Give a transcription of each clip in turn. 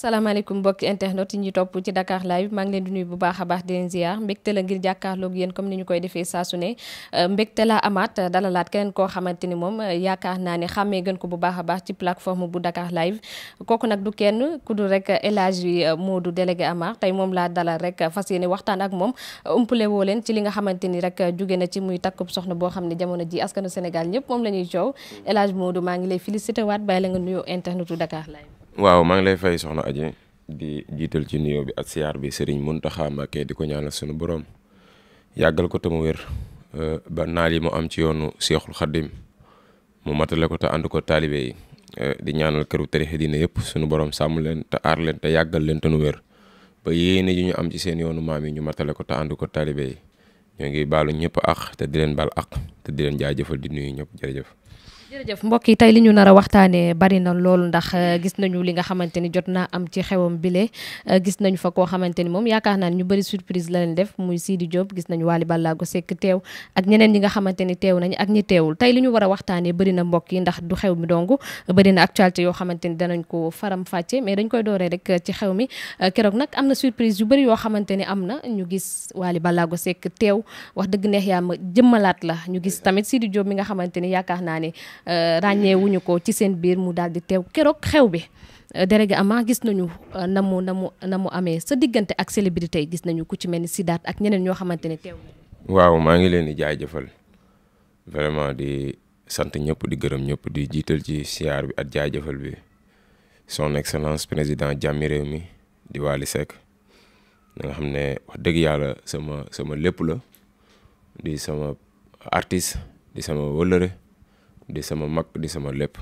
salaamaaleykum mbokki internet yi ñuy topp ci Dakar live maa ngi leen di nuyu bu baax a baax di leen ziar mbégte la ngir jàkkaarloog yéen comme ni ñu koy defee saasu ne euh, mbégte la amaat dalalaat keneen koo xamante ni moom yaakaar naa ne xàmmee gën ko bu baax a baax ci plateforme bu Dakar live kooku nag du kenn ku dul rek El Hadji euh, Modou délégué Amar tey moom laa dalal rek fas yéene waxtaan ak moom umpale woo leen ci li nga xamante ni rek jóge na ci muy takkub soxna boo xam ne jamono ji askanu Sénégal ñëpp moom la ñuy coow mm. El Hadji Modou maa ngi lay félicité waat bàyyi la nga nuyoo internet u Dakar live waaw maa ngi lay fay soxna Aje di jiital ci nuyoo bi ak siyaar bi sëriñ Muntaxa Mbàkke di ko ñaanal sunu borom yàggal ko te mu wér eh, ba naal yi mu am ci yoonu Seexul Xaddim mu matale ko te ànd ko taalibe yi eh, di ñaanal këru tarixa diine yëpp sunu borom sàmm leen te aar te yàggal leen nu wér ba yéene ji ñu am ci seen yoonu maam yi ñu matale ko te ànd taalibe ñoo ngi baalu ñëpp ak te di leen baal ak te di leen jaajëfal di nuyu ñëpp jëf jërëjëf mbokk yi tey li ñu nar a waxtaanee bari na loolu ndax euh, gis nañu li nga xamante ni jot naa am ci xewam bile euh, gis nañu fa koo xamante ni moom yaakaar naa ñu bëri surprise la leen def muy Sidi Diop gis nañu Waly Ballago Seck teew ak ñeneen ñi nga xamante ni teew nañ ak ñi teewul tey li ñu war a waxtaanee bëri na yi ndax du xew mi dong bëri na actualité yoo xamante ni danañ ko faram fàcce mais dañ koy dooree rek euh, ci xew mi keroog nag am na surprise yu bëri yoo xamante ni am na ñu gis Waly Ballago sekk teew wax dëgg neex yaa ma jëmmalaat la ñu gis tamit Sidi Diop mi nga xamante ni yaakaar naa ne Euh, ràññeewuñu ko ci seen biir mu daal di teew keroog xew bi euh, délégué Ama gis nañu euh, na mu na mu na mu amee sa diggante ak célébrité yi gis nañu ku ci mel ni Sidaat ak ñeneen ñoo xamante ne teew. waaw maa ngi leen di jaajëfal vraiment di sant ñëpp di gërëm di jiital ci siyaar bi ak jaajëfal bi son excellence président jàmmi réew mi di Wally Seck xam ne wax dëgg yàlla sama sama lépp la di sama artiste di sama wëllëre di sama mag di sama lépp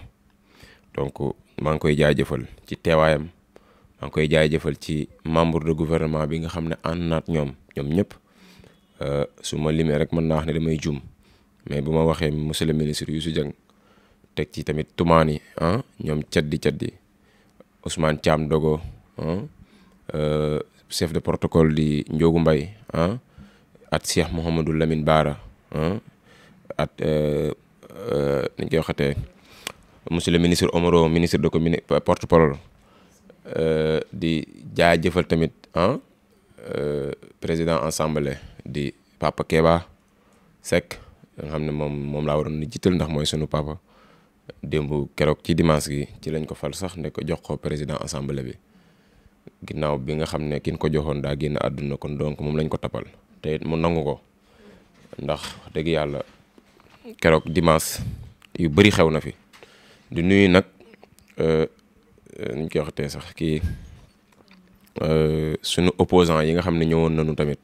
donc maa ngi koy jëfal ci teewaayam maa ngi koy jaajëfal ci membre de gouvernement bi nga xam ne ànd naat ñoom ñoom ñëpp euh, su ma limee rek mën naa wax ne damay juum mais bu ma waxee monsieur le ministre su Dieng teg ci tamit tumaan yi ah ñoom caddi caddi Ousmane Thiam Dogo ah euh, chef de protocole di Ndiogu mbay ah, at Cheikh Mouhamadou lamin Baara ah, at. Euh, Euh, ni ñu koy waxatee monsieur le ministre Omaro ministre de commune porte parole euh, di jaajëfal tamit ah président assemblée di papa Keba Seck nga xam ne moom moom laa waroon na jiital ndax mooy sunu papa démb keroog ci dimanche gi ci lañ ko fal sax ne ko jox ko président assemblée bi ginnaaw bi nga xam ne kin ko joxoon daa génn àdduna kon donc moom lañ ko tapal te mu nangu ko ndax dëgg yàlla. keroog dimanche yu bëri xew na fi di nuyu nag euh, euh, nuñ koy waxatee sax kii euh, sunu opposant yi nga xam ne ñëwoon nanu tamit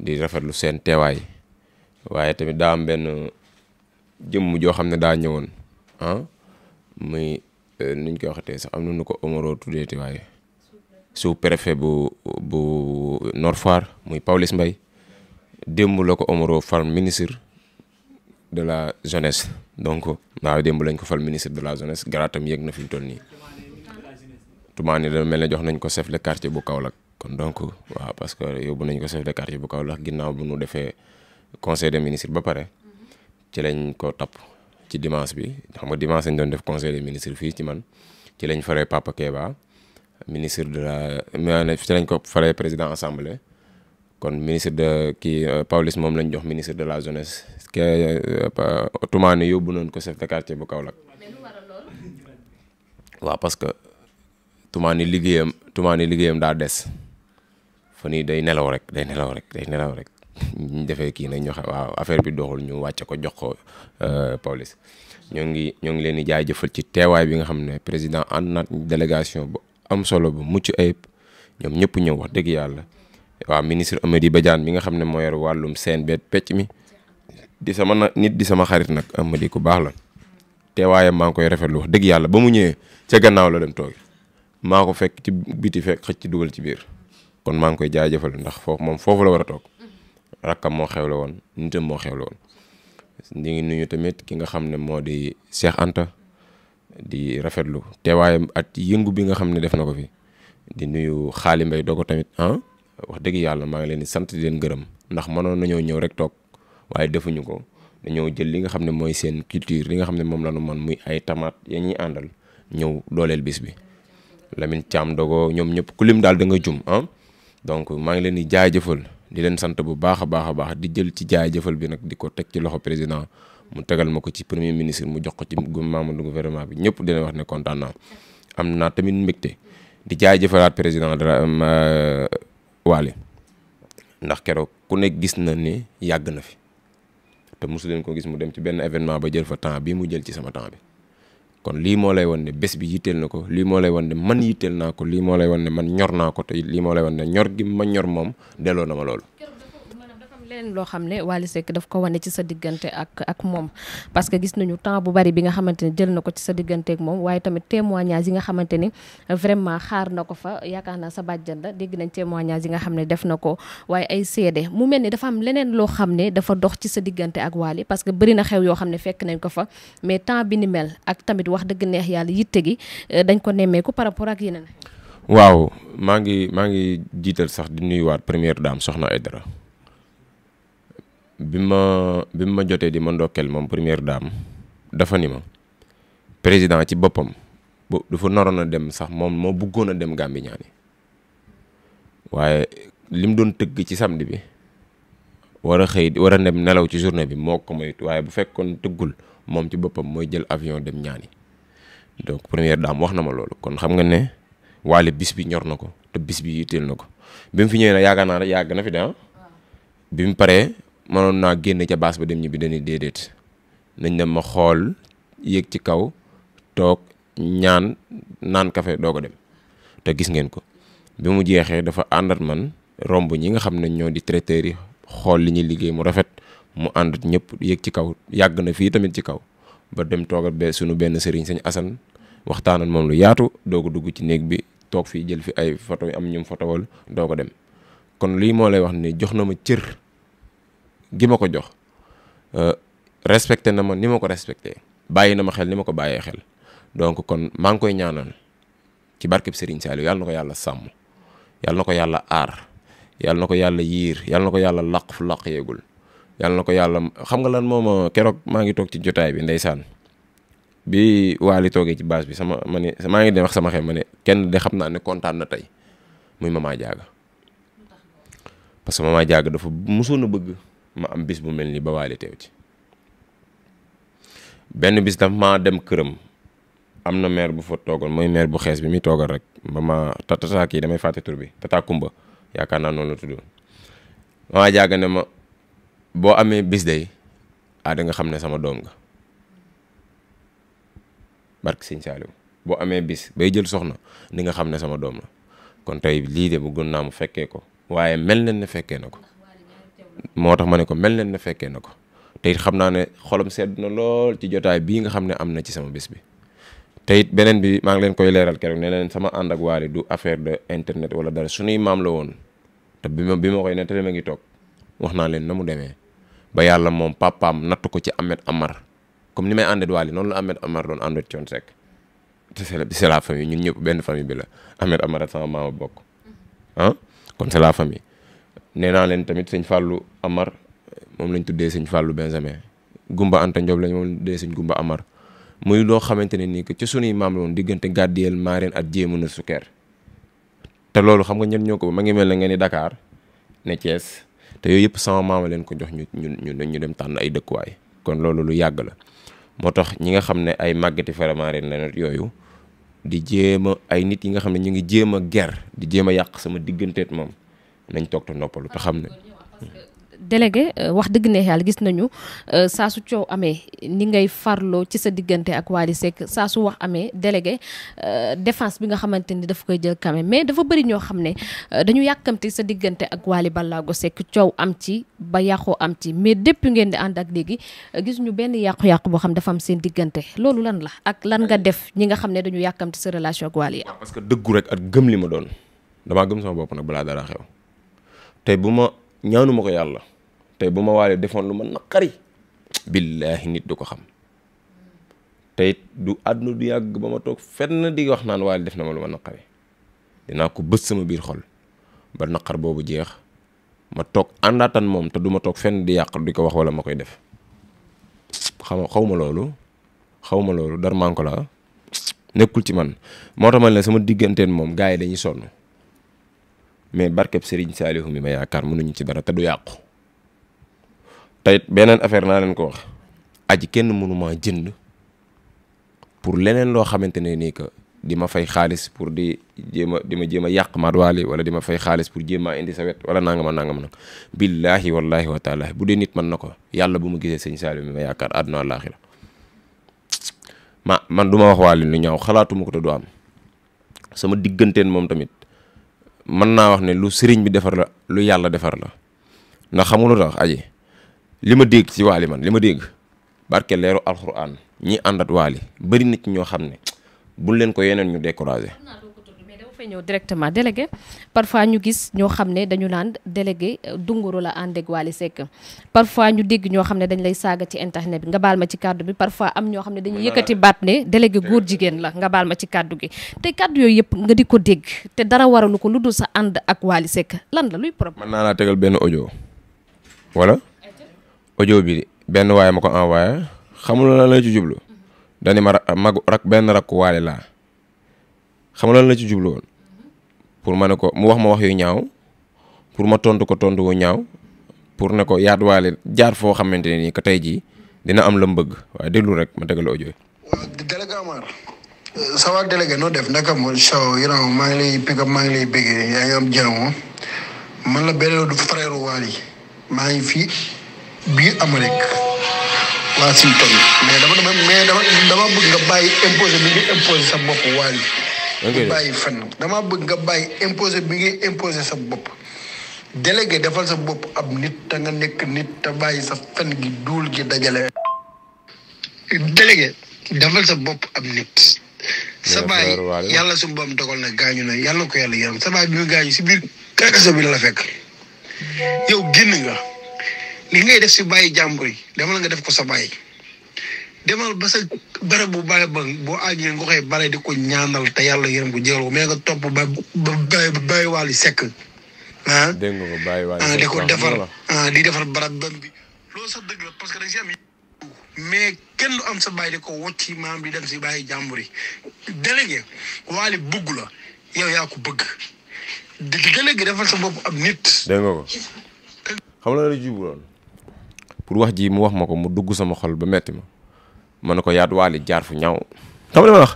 di rafetlu seen teewaay waaye tamit daa am benn jëmm joo xam ne daa ñëwoon ah muy nuñ koy waxatee sax am nañu ko Omaro tuddeeti waaye sous préfet bu bu Nord Foire muy Pawlish mbay démb la ko Omaro far ministre de la jeunesse donc waaw démb lañ ko fal ministre de la jeunesse garaatam yéeg na fi mu toll nii tumaani da mel ne jox nañ ko chef de quartier bu Kaolack kon donc waaw parce que yóbbu nañ ko chef bu Kaolack ginnaaw bu nu defee conseil de ministres ba pare ci lañ ko tapp ci dimanche bi xam nga dimanche lañ doon def conseil des ministres fii ci man ci lañ faree Papa Keba ministre de la ci lañ ko faree président assemblée kon ministre de kii euh, Pawlish moom lañ jox ministre de la jeunesse ke tumaane yóbbu noonu ko chef de quartier bu kaw waaw parce que tumaane liggéeyam tumaane liggéeyam daa des fa nii day nelaw rek day nelaw rek day nelaw rek ñu defee kii nag ñu xam waaw affaire bi doxul ñu wàcce ko jox ko euh, police ñoo ngi ñoo ngi leen di jëfal ci teewaay bi nga xam ne président ànd naat délégation bu am solo bu mucc ayib ñoom ñëpp ñëw wax dëgg yàlla waaw ministre ba Badiane mi nga xam ne moo yor wàllum seen beet pecc mi di sama na nit di sama xarit nag ma di ko baax la teewaayam maa ngi koy rafetlu wax dëgg yàlla ba mu ñëwee ca gannaaw la dem maa ko fekk ci biti fekk xëcc ci dugal ci biir kon maa ngi koy jaajëfal ndax foofu moom foofu la war a toog rakkam moo xewle woon nitam moo xewle woon. ngi nuyu tamit ki nga xam ne moo di Cheikh Anta di rafetlu teewaayam at yëngu bi nga xam ne def na ko fi di nuyu xaali mbay doo ko tamit ah wax dëgg yàlla maa ngi leen di sant di leen gërëm ndax mënoon nañoo ñëw rek toog. waaye defuñu ko dañoo jël li nga xam ne mooy seen culture li nga xam ne moom la ñu man muy ay tamaat ya ñuy àndal ñëw dooleel bis bi Lamine Thiam Dogo ñoom ñëpp ku lim daal da nga jum ah donc maa ngi leen di jaajëfal di leen sant bu baax a baax a baax di jël ci jaajëfal bi nag di ko teg ci loxo président mu tegal ma ko ci premier ministre mu jox ko ci membre gouvernement bi ñëpp dina wax ne kontaan am naa tamit mbégte di jaajëfalaat président dara euh, Waly ndax keroog ku nekk gis na ne yàgg na fi te mosu ko gis mu dem ci benn événement ba jël fa temps bi mu jël ci sama temps bi kon lii moo lay wan ne bés bi yitteel na ko lii moo lay wan ne man yitteel naa ko lii moo lay wan ne man ñor naa ko te lii moo lay wan ne ñor gi ma ñor moom delloo na ma loolu leneen loo xam ne Wally Seck daf ko wane ci sa diggante ak ak moom parce que gis nañu temps bu bari bi nga xamante ne jël na ko ci sa diggante ak moom waaye tamit témoignage yi nga xamante ni vraiment xaar na ko fa yaakaar naa sa bàjjan dégg nañ témoignage yi nga xam ne def na ko waaye ay seede mu mel ni dafa am leneen loo xam ne dafa dox ci sa diggante ak Wally parce que bëri na xew yoo xam ne fekk nañ ko fa mais temps bi ni mel ak tamit wax dëgg neex yàlla yitte gi euh, dañ ko nemmeeku par rapport ak yeneen waaw maa ngi maa ngi jiital sax di nuyuwaat première dame soxna Aïdara bi ma bi ma jotee di ma ndokkeel moom première dame dafa ni ma président ci boppam bu dafa naroon a dem sax moom moo buggoon a dem Gàmbi ñaani waaye mu doon tëgg ci samedi bi war a xëy war a dem nelaw ci journée bi moo ko moytu bu fekkoon tëggul moom ci boppam mooy jël avion dem ñaani donc première dame wax na ma loolu kon xam nga ne waale bis bi ñor na ko te bis bi yitteel na ko bi mu fi ñëwee na yaakaar naa rek yàgg na fi de ah. bi mu paree. mënoon naa génn ca baas ba dem ñibbi dañuy déedéet nañ dem ma xool yéeg ci kaw toog ñaan naan kafe doo ko dem te gis ngeen ko bi mu jeexee dafa àndat man romb ñi nga xam ne ñoo di traiteurs yi xool li ñuy liggéey mu rafet mu ànd ñëpp yéeg ci kaw yàgg na fii tamit ci kaw ba dem toogal be sunu benn sëriñ sañ asan waxtaanan moom lu yaatu doo ko dugg ci néeg bi toog fii jël fi ay photo am ñum photowal doo ko dem kon lii moo lay wax ni jox na ma cër gi ma ko jox euh, respecté na ma ni ma ko respecté bàyyi na ma xel ni ma ko bàyyee xel donc kon maa ngi koy ñaanal ci barkeb Serigne Saliou yàlla na ko yàlla sàmm yàlla ko yàlla aar yàlla na ko yàlla yiir yàlla na ko yàlla laq fu laq yeegul yàlla na ko yàlla xam nga lan mooma keroog maa ngi toog ci jotaay bi ndeysaan bi waali toogee ci base bi sama ma maa ngi dem wax sama xel ma ne kenn de xam naa ne kontaan na tey muy Mama Diaga parce que Mama Diaga dafa a bëgg. ma am bis bu mel nii ba waale teew ci benn bis daf maa dem këram am na maire bu fa toogal mooy meer bu xees bi muy toogal rek ba ma tatataa kii damay fàtte tur bi tata kumba yaakaar naa noonu la tuddoon maa jàgg ne ma boo amee bis day ah nga xam ne sama doom nga barke boo amee bis bay jël soxna di nga xam ne sama doom la kon tey lii de bëggoon naa mu fekkee ko waaye mel na ne fekkee na ko moo tax ma ne ko mel nen na fekkee na ko te xam naa ne xolam sedd na lool ci jotaay bii nga xam ne am na ci sama bis bi te it beneen bi maa ngi leen koy leeral rek ne leen sama ànd ak waali du affaire de internet wala dara suñuy maam la woon te bi ma bi ma koy nettali ma ngi toog wax naa leen na mu demee ba yàlla moom papaam natt ko ci Ahmed Amar comme ni may àndet waali noonu la Ahmed Amar doon àndet coon Seck te c'est la c'est la famille ñun ñëpp benn famille bi la Ahmed Amar ak sama maama bokk mm-hmm. ah kon c'est la famille nee naa leen tamit sëñ Fallou Amar moom lañ tuddee sëñ fàllu Benjamin Gumba Anta Ndiob lañ moom lañ tuddee sëñ Gumba Amar muy loo xamante ne nii que ci sunuy maam la woon diggante gàddiyel maareen ak jéemu na sukkeer te loolu xam nga ñen ñoo ko ma ngi mel ne nga ni Dakar ne Thiès te yooyu yëpp sama maama leen ko jox ñu ñu ñu dem tànn ay dëkkuwaay kon loolu lu yàgg la moo tax ñi nga xam ne ay màggati faramaareen la yooyu di jéem a ay nit yi nga xam ne ñu ngi jéem a ger di jéem a yàq sama digganteet moom nañ toog te noppalu te xam ne. délégué euh, wax dëgg ne yàlla gis nañu euh, saa su coow amee ni ngay farloo ci sa diggante ak Wally sekk saa su wax amee délégué euh, défense bi nga xamante ni dafa koy jël quand même mais dafa bëri ñoo xam ne dañu yàkkamti sa diggante ak Wally Ballago Seck coow am ci ba yàqoo am ci mais dépp ngeen di ànd ak léegi gis ñu benn yàqu-yàqu boo xam dafa am seen diggante loolu lan la ak lan nga def ñi nga xam ne dañu yàkkamti sa relation ak Wally yi parce que dëggu rek ak gëm ma doon damaa gëm sama bopp nag balaa dara xew tey bu ma ñaanu ma ko yàlla tey bu ma waalee defoon lu ma naqari billaahi nit du ko xam tey du àdduna du yàgg ba ma toog fenn di wax naan waaye def na ma lu ma naqari dinaa ko bës sama biir xol ba naqar boobu jeex ma toog àndaataan moom te du ma toog fenn di yàq di ko wax wala ma koy def xam xaw ma loolu xaw ma loolu dar mànko la nekkul ci man moo tax ma ne sama digganteen moom gaa yi dañuy sonn mais barkeb Serigne Saliou mi ma yaakaar mënuñu ci dara te du yàqu te beneen affaire naa leen ko wax aji kenn mënumaa jënd pour leneen loo xamante ne nii que di ma fay xaalis pour di jéem a di ma jéem yàq yàq madwaali wala di ma fay xaalis pour jéem indi sa wet wala nangama nangam nag billaahi wallaahi wa taalaahi bu dee nit man na ko yàlla bu ma gisee sëñ Saliou mi ma yaakaar àdduna àllaaxira ma man du ma wax waali lu ñaaw xalaatuma ko te du am sama digganteen moom tamit mën naa wax ne lu sëriñ bi defar la lu yàlla defar la ndax xamuloo tax aji li ma dégg ci waali man li ma dégg barke leeru alxuraan ñi àndat waali bëri na ñoo xam ne bul leen ko yeneen ñu découragé fay ñëw directement délégué parfois ñu gis ñoo xam ne dañu naan délégué euh, dunguru la ànd ak Wally Seck parfois ñu dégg ñoo xam ne dañ lay saaga ci internet bi nga baal ma ci kàddu bi parfois am ñoo xam ne dañuy yëkkati baat ne délégué góor jigéen la nga baal ma ci kàddu gi te kàddu yooyu yëpp nga di ko dégg te dara waralu ko lu dul sa ànd ak Wally sekk lan la luy problème. mën naa laa tegal benn audio wala audio bi benn waaye ma ko envoyé xamul lan la ci jublu. Mhm. dani ma mag rak benn rakku waale laa xam la ci jublu woon pour ma ne ko mu wax ma wax yu ñaaw pour ma tontu ko tontu wu ñaaw pour ne ko yaatuwaale jaar foo xamante ne nii que tey jii dina am la mu bëgg waaye déglu rek ma tegal audio yi. waaw délégué Amar. Euh, ça def naka moo show yi maa ngi lay pick maa ngi lay bëggee yaa ngi am jàmm man la beneen du frère Wally maa ngi fii biir Amérique Washington mais dama dama mais dama dama nga bàyyi imposé bi nga imposé sa bopp Wally nga bàyyi fenn damaa bëgg nga bàyyi imposé bi ngay imposé sa bopp. délégué defal sa bopp ab nit te nga nekk nit te bàyyi sa fen gi duul gi dajale. délégué defal sa bopp ab nit. sa baay yàlla su boom dogal na gaañu na yàlla ko yàlla yaram sa baay bi mu gaañu si biir kaso bi la la fekk. yow génn nga li ngay def si bàyyi jàmbur yi dama nga def ko sa baay. demal ba sa barab bu bàyyi ba boo aajee nga koy bare di ko ñaanal te yàlla yërëm ko jël ko mais nga topp ba ba bàyyi waali sekk ah. dégg nga ko bàyyi waali ah, sekk di ko defar ah di defar barab bam bi loolu sa dëgg la parce que da si am mais kenn du am sa bàyyi di ko wocc ci maam di dem si bàyyi jàmbur yi délégué waali bugg la yow yaa ko bëgg di defal sa bopp ab nit. nga ko xam nga la jubloon pour wax ji mu wax ma ko mu dugg sama xol ba metti ma. mën na ko yaatu waali jaar fu ñaaw xam nga ma wax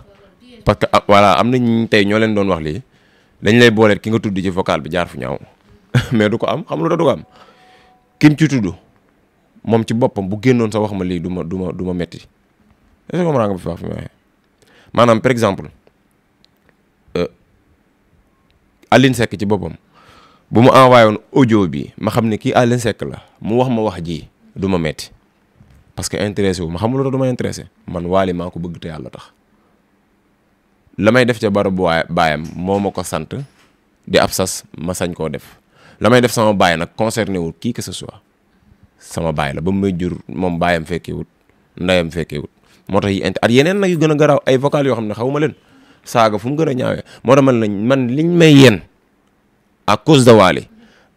parce que ah, voilà am nañ tey ñoo leen doon wax lii dañ lay booleet ki nga tudd ci vocal bi jaar fu ñaaw mais du ko am xam lu da du ko am kim ci tudd moom ci boppam bu génnoon sa wax ma lii du ma du ma metti est-ce que comprends nga fi maanaam par exemple euh, allin sekk ci boppam bu mu envoyé woon audio bi ma xam ne kii Aline Seck la mu wax ma wax ji du ma metti parce que intéressé wu ma xam nga lu ma intéressé man Wally maa ko bëgg te yàlla tax la may def ca barabu waay baayam moo ma ko sant di ab sas ma sañ koo def la may def sama baay nag concerné wut kii que ce soit sama baay la ba mu may jur moom baayam fekkee wut ndeyam fekkee wut moo tax yi at yeneen nag yu gën a garaaw ay vocal yoo xam ne xaw ma leen saaga fu mu gën a ñaawee moo tax man lañ man liñ may yeen à cause de Wally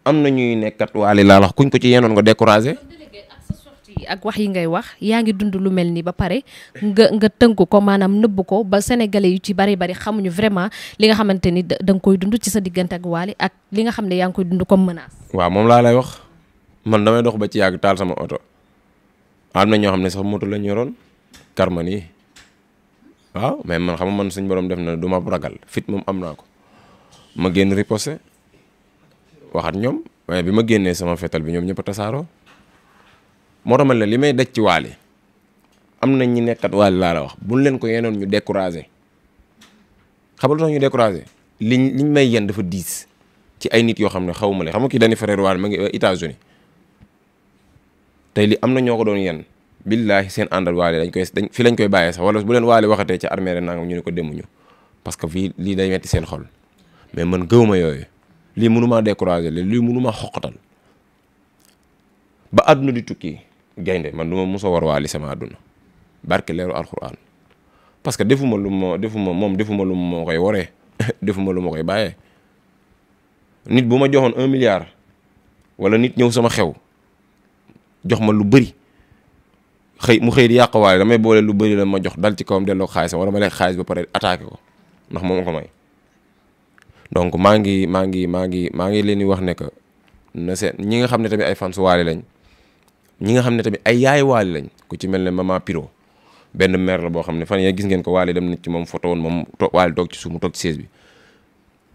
am na ñuy nekkat Wally laa wax kuñ ko ci yenoon ko découragé. ak wax yi ngay wax yaa ngi dund lu mel nii ba pare nga nga tënk ko maanaam nëbb ko ba sénégalais yu ci bari bari xamuñu vraiment li nga xamante ni danga koy dund ci sa diggante ak Wally ak li nga xam ne yaa ngi koy dund comme menace. waaw moom laa lay wax man damay dox ba ci yàgg taal sama oto am na ñoo xam ne sax moto lañ yoroon karma mais man xam suñ borom def na du ma ragal fit moom am naa ko ma génn riposté waxat ñoom waaye bi ma génnee sama fetal bi ñoom ñëpp tasaaroo. moo tax man la li may daj ci am na ñi nekkat waali laa wax buñ leen ko yenoon ñu découragé xam nga ñu découragé liñ liñ may yen dafa diis ci ay nit yoo xam ne xaw ma leen xam nga kii dañuy frère waali ma ngi uh, États-Unis tey li am na ñoo ko doon yen billaahi seen àndal waale dañ koy dañ fi lañ koy bàyyee sax wala bu leen waale waxatee ci armée re nangam ñu ne ko demuñu parce que fii lii day metti seen xol mais man gëwuma yooyu lii mënumaa découragé lii mënumaa xoqatal ba àdduna di tukki gaynde man du ma mos a war waali sama àdduna barke leeru alxuraan parce que defuma lu ma defuma moom defuma lu ma koy waree defuma lu ma koy bàyyee nit bu ma joxoon un milliard wala nit ñëw sama xew jox ma lu bëri xëy mu xëy di yàq waale damay boole lu bari la ma jox dal ci kawam delloo xaalisam wala ma lekk xaalis ba pare attaqué ko ndax moom ko may donc maa ngi maa ngi maa ngi maa ngi leen di wax ne que na seen ñi nga xam ne tamit ay fans waale lañ. ñi nga xam ne tamit ay yaay waali lañ ku ci mel ne maman Piro benn mère la boo xam ne fan ya gis ngeen ko waali dem na ci moom photo woon moom to waali toog ci suuf mu toog ci bi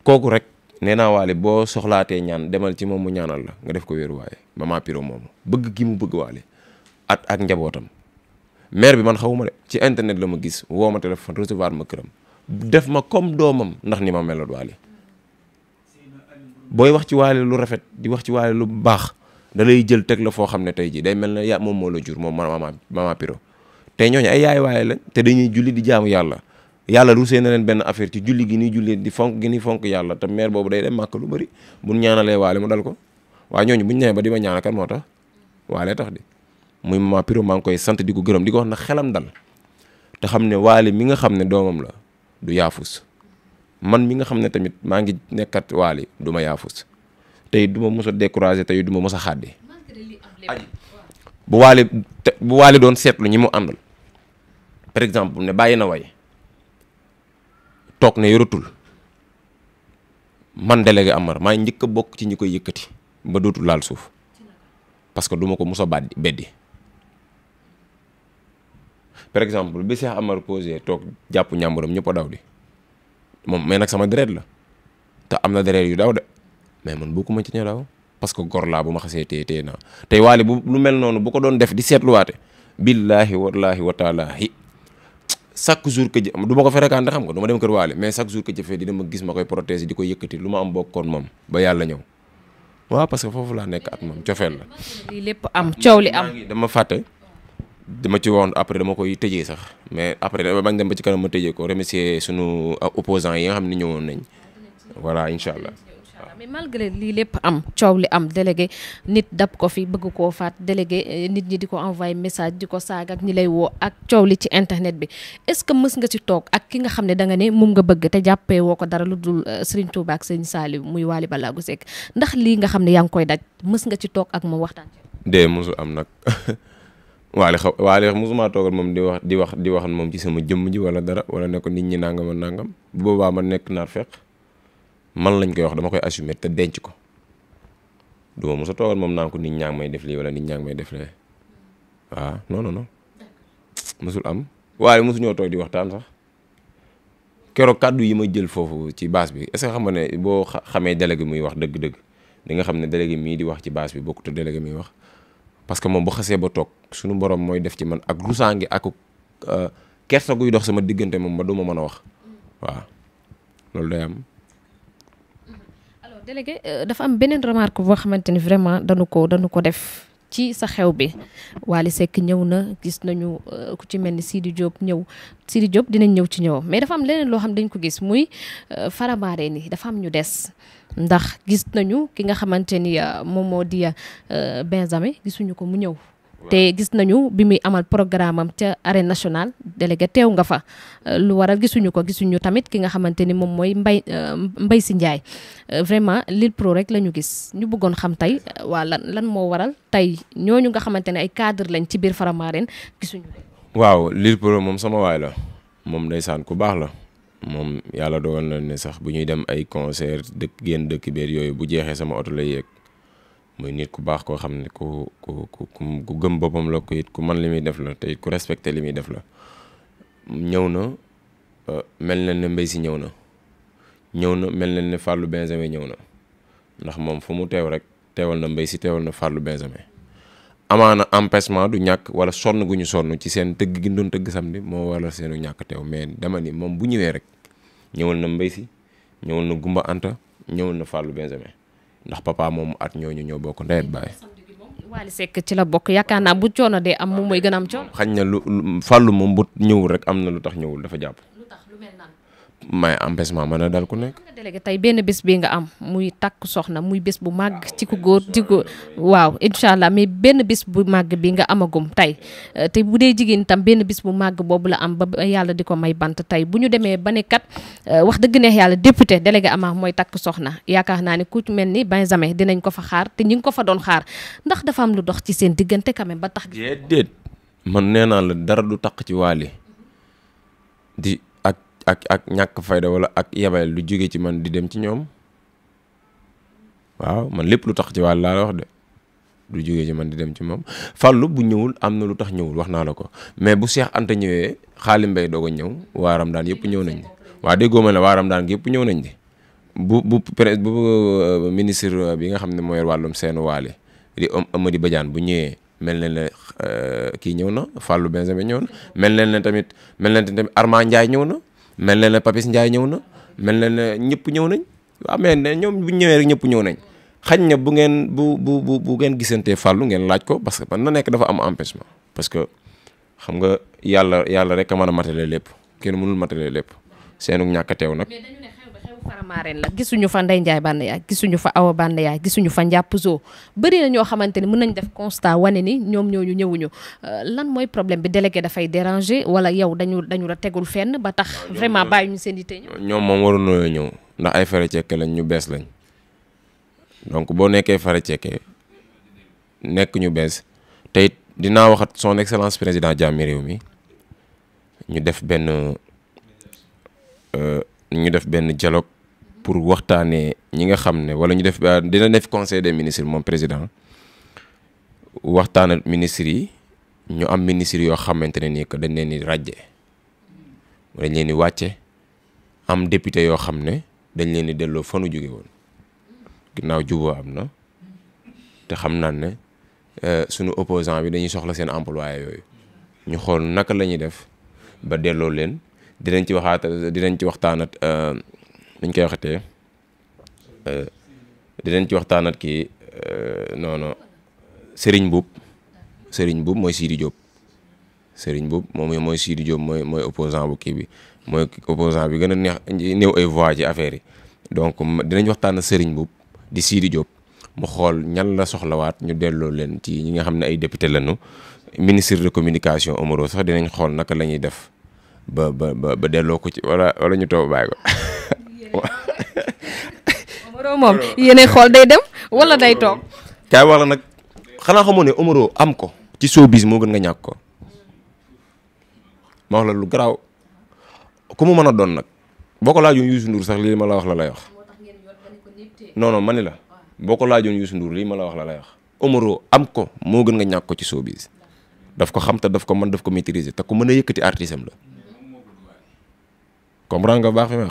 kooku rek nee naa waali boo soxlaatee ñaan demal ci moom mu ñaanal la nga def ko wéeru waaye maman Piro moomu bëgg gi mu bëgg waali at ak njabootam mère bi man xawuma de ci internet la ma gis woo ma téléphone recevoir ma këram def ma comme doomam ndax ni ma meloon waali booy wax ci waali lu rafet di wax ci waali lu baax dalay jël teg la foo xam ne tey jii day mel na yaa moom moo la jur moom mama mama Piro te ñooñu ay yaay waaye lañ te dañuy julli di jaamu yàlla yàlla lu rusee na leen benn affaire ci julli gi ni julli di fonk gi ni fonk yàlla te mère boobu day dem màkk lu bëri buñ ñaanalee waale mu dal ko waaye ñooñu buñ ñëwee ba di ma ñaanal moo tax waalee tax di muy mama Piro maa ngi koy sant di ko gërëm di ko wax na xelam dal te xam ne waale mi nga xam ne doomam la du yaafus man mi nga xam ne tamit maa ngi nekkat waali du ma yaafus tey du ma mos a découragé tey du ma mos a xàddi bu waali bu waali doon seetlu ñi mu àndal par exemple ne bàyyi na way toog ne yoratul man délégué Amar maa njëkk a bokk ci ñi koy yëkkati ba dootul laal suuf parce que du ko mos a baddi beddi par exemple bi Cheikh Amar posé toog jàpp ñàmburam ñëpp daw di moom mais nag sama deret la te am na deret yu daw de mais man bokkuma ci ñu raw parce que gor laa bu ma xasee téye te naa tey waale bu lu mel noonu bu ko doon def di seetluwaate billaahi wallaahi wataalaahi chaque jour que jë du ma ko fréquenté xam nga du dem kër waale mais chaque jour que jëfee dina ma gis ma koy protéger di ko yëkkati lu ma am bokkoon moom ba yàlla ñëw waaw parce que foofu laa nekk at moom cofeel la. lépp am coow li am dama fàtte. dama ci woon après dama koy tëjee sax mais après dama bañ dem ba ci kanam ma tëjee ko remercier sunu opposants yi nga xam ne ñëwoon nañ voilà incha allah. mais malgré lii lépp am coow li am délégué nit dab ko fi bëgg koo faat délégué eh, nit ñi di ko envoyé message di ko saaga ak ñi lay woo ak coow li ci internet bi est-ce que mës nga ci toog ak ki nga xam ne da nga moom nga bëgg te jàppee ko dara lu dul eh, Serigne Touba ak Serigne Saliou muy Waly Ballago Seck ndax lii nga xam ne yaa ngi koy daj mës nga ci toog ak moom waxtaan dee mosu am nag waale xaw waale mosuma toogal moom di wax di wax di waxan moom ci sama jëmm ji wala dara wala ne nit ñi nangam nangam boobaa ma nekk naar fekk man lañ koy wax dama koy assumer te denc ko du ma mos toogal moom naa ko nit ñaa may def lii wala nit ñaa ngi may def lee waaw ah, non non mosul am waaye mosuñoo toog di waxtaan sax keroog kàddu yi ma jël foofu ci baas bi est-ce xam nga ne boo xamee délégué muy wax dëgg-dëgg di nga xam ne délégué mii di wax ci baas bi bokkut ak délégué muy wax parce que moom bu xasee ba toog suñu borom mooy def ci man ak rusaange ak euh, kersa guy dox sama diggante moom ba du ma mën a wax waaw loolu am. délégué euh, dafa am beneen remarque boo xamante ni vraiment dañu ko dañu ko def ci sa xew bi Wally sekk ñëw na gis nañu euh, ku ci mel ni Sidi Diop ñëw Sidi Diop dinañ ñëw ci ñëwam mais dafa am leneen loo xam dañ ko gis muy euh, faramaare ni dafa am ñu des ndax gis nañu ki nga xamante ni moom moo di Benjamin gisuñu ko mu ñëw te gis nañu bi muy amal programme am ca arène nationale délégué teew nga fa euh, lu waral gisuñu ko gisuñu tamit ki nga xamante ni moom mooy mbay euh, mbay si njaay euh, vraiment Lille Pro rek la ñu gis ñu bëggoon xam tey waa lan moo waral tey ñooñu nga xamante ne ay cadre lañ ci biir Faramareen gisuñu waaw Lille Pro moom sama waay la moom ndeysaan ku baax la moom yàlla dogal na ne sax bu ñuy dem ay concert dëkk génn dëkk biir yooyu bu jeexee sama oto lay yéeg mooy nit ku baax koo xam ne ku ku ku ku gëm boppam la ko it ku man li muy def la te it ku respecté li muy def la ñëw na euh, mel na ne Mbaye Sy ñëw na ñëw na mel na ne Fallou Benjamin ñëw na ndax moom fu mu teew rek teewal na Mbaye Sy teewal na Fallou Benjamin amaana empêchement du ñàkk wala sonn gu ñu sonn ci seen tëgg gi doon tëgg samedi moo waral seenu ñàkk teew mais dama ni moom bu ñëwee rek ñëwal na mbay si ñëwal na Gumba Anta ñëwal na Fallou Benjamin ndax papa moom at ñooñu ñoo bokk ndey ak baay. sekk ci la bokk yaakaar naa bu coono de am moom mooy gën a am coono. xañ na lu lu fàllu moom bu ñëwul rek am na lu tax ñëwul dafa jàpp. may empêchement mën a dal ku nekk. délégué tey benn bés bi nga am muy takk soxna muy bés bu màgg ci ku góor ci ko waaw incha allah mais benn bés bu màgg bi nga amagum tey euh, te bu dee jigéen tam benn bés bu màgg boobu la am ba yàlla di ko may bant tey bu ñu demee ba ne euh, wax dëgg neex yàlla député délégué Amar mooy takk soxna yaakaar naa ne ku mel ni Benjamin dinañ ko fa xaar te ñu ngi ko fa doon xaar ndax dafa am lu dox ci seen diggante kame ba tax. déedéet man nee naa dara du takk ci waale di. ak ak ñàkk fayda wala ak yabal lu jóge ci man di dem ci ñoom waaw man lépp lu tax ci wàll laa wax de lu jóge ci man di dem ci moom fallu bu ñëwul am na lu tax ñëwul wax naa la ko mais bu Seex Anta ñëwee xaalim mbay doog a ñëw waaram daan yëpp ñëw nañ waa déggoo ma la waaram daan yëpp ñëw nañ de bu bu pré bu euh, ministre bi nga xam ne mooy wàllum seen waale di Amady Badiane bu ñëwee mel na ne euh, kii ñëw na Fallou Benjamin ñëw mel na ne tamit mel na ne tamit Armand Ndiaye ñëw na. mel na ne Papis Ndiaye ñëw na mel na ne ñëpp ñëw nañ waaw mais ne ñoom bu ñëwee rek ñëpp ñëw nañ xañ na bu ngeen bu bu bu bu ngeen gisantee fàllu ngeen laaj ko parce que man na nekk dafa am empêchement parce que xam nga yàlla yàlla rek a mën a matale lépp kenn mënul matale lépp seenu ñàkk teew nag Faramareen la gisuñu fa Ndeye Ndiaye Banaya gisuñu fa Awa Banaya gisuñu fa Ndiap Zo bëri na ñoo xamante ni mën nañ def constat wane ni ñoom ñu ñëwuñu euh, lan mooy problème bi délégué dafay déranger wala yow dañu dañu la tegul fenn ba tax vraiment bàyyi ñu seen yitte ñoom moom waroon ñëw ndax ay fere cekke lañ ñu bees lañ donc boo nekkee fere cekke nekk ñu bees te it dinaa waxat son excellence président Diame réew mi ñu def benn euh, ñu def benn dialogue pour waxtaanee ñi nga xam ne wala ñu def euh, dina def conseil des ministre moom président waxtaan ak ministres yi ñu am ministres yoo xamante ne ni que dañ leen di ràjje dañ leen di wàcce am député yoo xam ne dañ leen di delloo fanu jóge woon ginnaaw juboo am na te xam naa ne euh, sunu opposant bi dañuy soxla seen employé yooyu ñu xool naka la ñuy def ba delloo leen dinañ ci waxaat dinañ ci waxtaanat dañ koy waxatee euh, dinañ ci waxtaan ak kii euh, noonu Serigne Boub Serigne Boub mooy Sidi Diop Serigne Boub moom mooy Sidi Diop mooy mooy opposant bu kii bi mooy opposant bi gën a neex néew ay voix ci affaire yi donc dinañ waxtaan ak Serigne Boub di siidi Diop mu xool ñan la soxlawaat ñu delloo leen ci ñi nga xam ne ay député nu ministre de communication Omaro sax dinañ xool naka la ñuy def ba ba ba delloo ko ci wala wala ñu toog bàyyi ko. Omaro moom yéenay xool day dem wala day toog. kaay wax la nag xanaa xamoo ne Omaro am ko ci showbiz moo gën nga ñàkk ko ma wax la lu garaaw ku mu mën a doon nag boo ko laajoon Youssou Ndour sax lii ma la wax la lay wax non non ma la boo ko laajoon Youssou Ndour lii ma wax la lay wax Omaro am ko moo gën nga ñàkk ko ci showbiz daf ko xam daf ko mën daf ko maîtriser te ku mën a yëkkati artisam la comprendre nga baax fi ma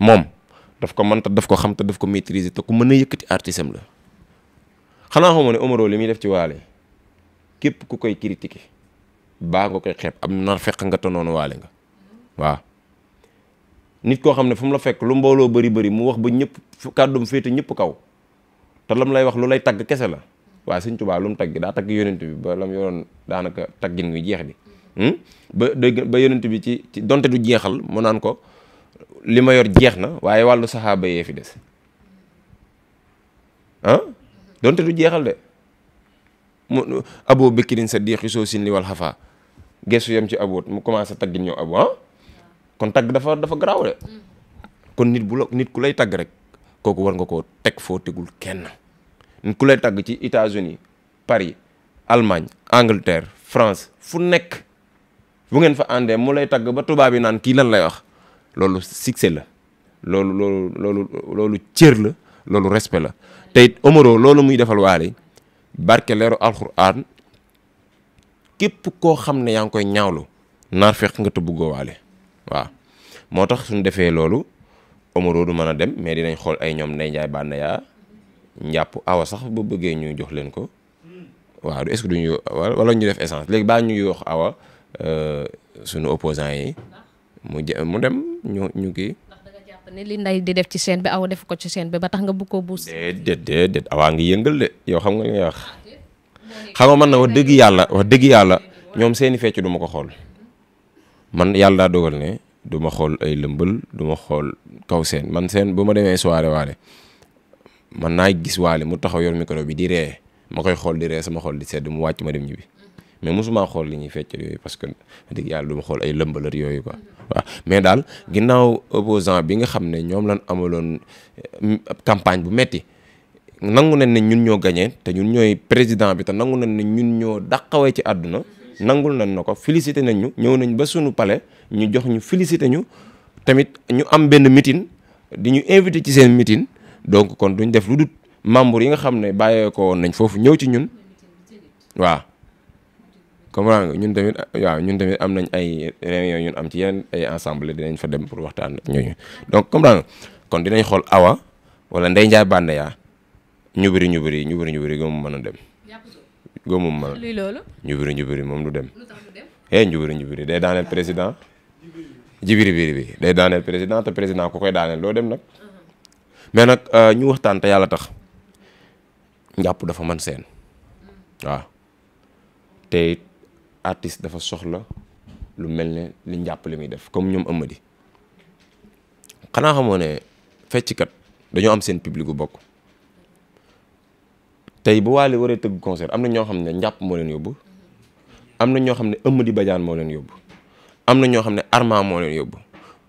moom daf ko mën te daf ko xam te daf ko maîtriser te ku mën a yëkkati artiste la xanaa xamoo ne Omaro li muy def ci waale képp ku koy critiquer baa nga koy xeeb am na fekk nga te noonu waale nga waaw nit koo xam ne fu mu la fekk lu mbooloo bari bari mu wax ba ñëpp kàddum féete ñëpp kaw te lam lay wax lu lay tagg kese la waaye Sëñ Tuubaa lu mu tagg daa tagg yonent bi ba lam yoroon daanaka taggin wi jeex bi hmm? ba dégg ba yonent bi ci ci donte du jeexal mu naan ko li ma yor jeex na waaye wàllu saxaaba yee fi des ah donte du jeexal de mu aboo bëkkirin sa diix soo sin li wal xafaa yam ci aboot mu commencé tagg ñëw abo ah? kon tagg dafa dafa garaaw de kon nit bu la nit ku lay tagg rek kooku war nga koo teg foo tegul kenn nit ku lay tagg ci États-Unis Paris Allemagne Angleterre France fu nekk bu ngeen fa àndee mu lay tagg ba tubaab yi naan kii lan lay wax loolu succès la loolu loolu loolu loolu cër la loolu respect la te it Omaro loolu muy defal waale barke leeru alxuraan képp koo xam ne yaa ngi koy ñaawlu naar fekk nga te buggoo waale waaw moo tax suñu defee loolu Omaro du mën a dem mais dinañ xool ay ñoom nday njaay bànn yaa njàpp awa sax ba bëggee ñu jox leen ko waaw est-ce que duñu wala ñu def essence léegi baa ñuy wax awa euh, suñu opposant yi mu je mu dem ñu ñu kii. ne li nday di def ci seen bi awa def ko ci seen bi ba tax nga bëgg koo buus. déedéet déedéet awaa ngi yëngal de yow xam nga li wax ah, xam nga man na wax dëgg yàlla wax dëgg yàlla ñoom fecc du ko xool mhm. man yàlla daa dogal du ma xool ay lëmbal du ma xool kaw seen man seen bu ma demee soirée waale man naa gis waale mu taxaw yor micro bi di ree ma koy xool di ree sama xool di sedd mu wàcc ma dem ñibbi mhm. mais mosumaa xool li ñuy fecc yooyu parce que dëgg yàlla du ma xool ay lëmbalër yooyu ko waaw mais daal ginnaaw opposant bi nga xam ne ñoom lan amaloon euh, campagne bu metti nangu nañ ñun ñoo gañee te ñun ñooy président bi te nangu nañ ne ñun ñoo dàqawee ci àdduna nangul nañ na ko félicité nañ ñu ñëw nañ ba suñu pale ñu jox ñu félicité ñu tamit ñu am benn meeting di ñu invité ci seen meeting donc kon duñ def lu dut membre yi nga xam ne bàyyee ko woon nañ foofu ñëw ci ñun waaw comme nga ñun tamit waaw ñun tamit am nañ ay yooyu ñun am ci yeneen ay ensemble dinañ fa dem pour waxtaan ak donc comprendre nga kon dinañ xool awa wala ndey njaay bandeyaa ñu bëri ñu bëri ñu bëri ñu bëri gëmum mën a dem gëmum mën a ñu bëri ñu bëri moom du dem eh ñu ñu bëri day daaneel président jibiri biri bi day daaneel président te président ku koy loo dem nag uh-huh. mais nag euh, ñu waxtaan te yàlla tax njàpp dafa mën seen mm. waaw te artiste dafa soxla lu mel ne li njàpp li muy def comme ñoom ëmma xanaa xamoo ne fecckat dañoo am seen public bokk tey bu Wally waree tëgg concert am na ñoo xam ne njàpp moo leen yóbbu am na ñoo xam ne ëmma di moo leen yóbbu am na ñoo xam ne Arma moo leen yóbbu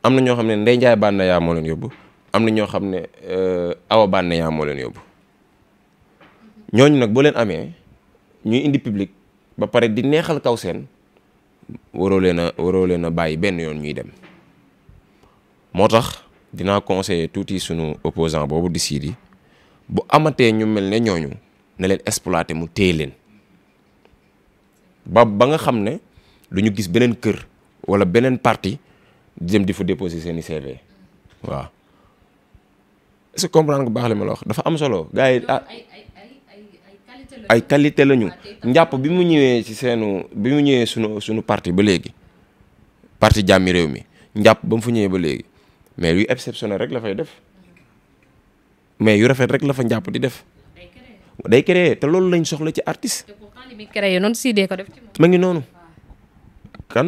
am na ñoo xam ne Ndeye Ndiaye moo leen yóbbu am na ñoo xam ne euh, Awa Banaya moo leen yóbbu ñooñu nag boo leen amee ñuy indi public ba pare di neexal kaw seen waroo leen a waroo leen a bàyyi benn yoon ñuy dem moo tax dinaa conseiller tuuti sunu opposant boobu di Sidi bu amatee ñu mel ne ñooñu na leen exploiter mu téye leen ba ba nga xam ne lu ñu gis beneen kër wala beneen parti di dem di fa déposer seeni CV waaw est-ce baax li ma la wax dafa am solo gars yi ah. ay qualité lañu ah, njàpp bi mu ñëwee ci seenu bi mu ñëwee sunu suñu parti ba léegi parti jàmmi réew mi njàpp ba fu ñëwee ba léegi mais yu exceptionnel rek la fay def mais yu rafet rek la fa njàpp di def day créer te loolu lañ soxla ci artiste. te pourtant li muy noonu ko def ma ngi noonu kan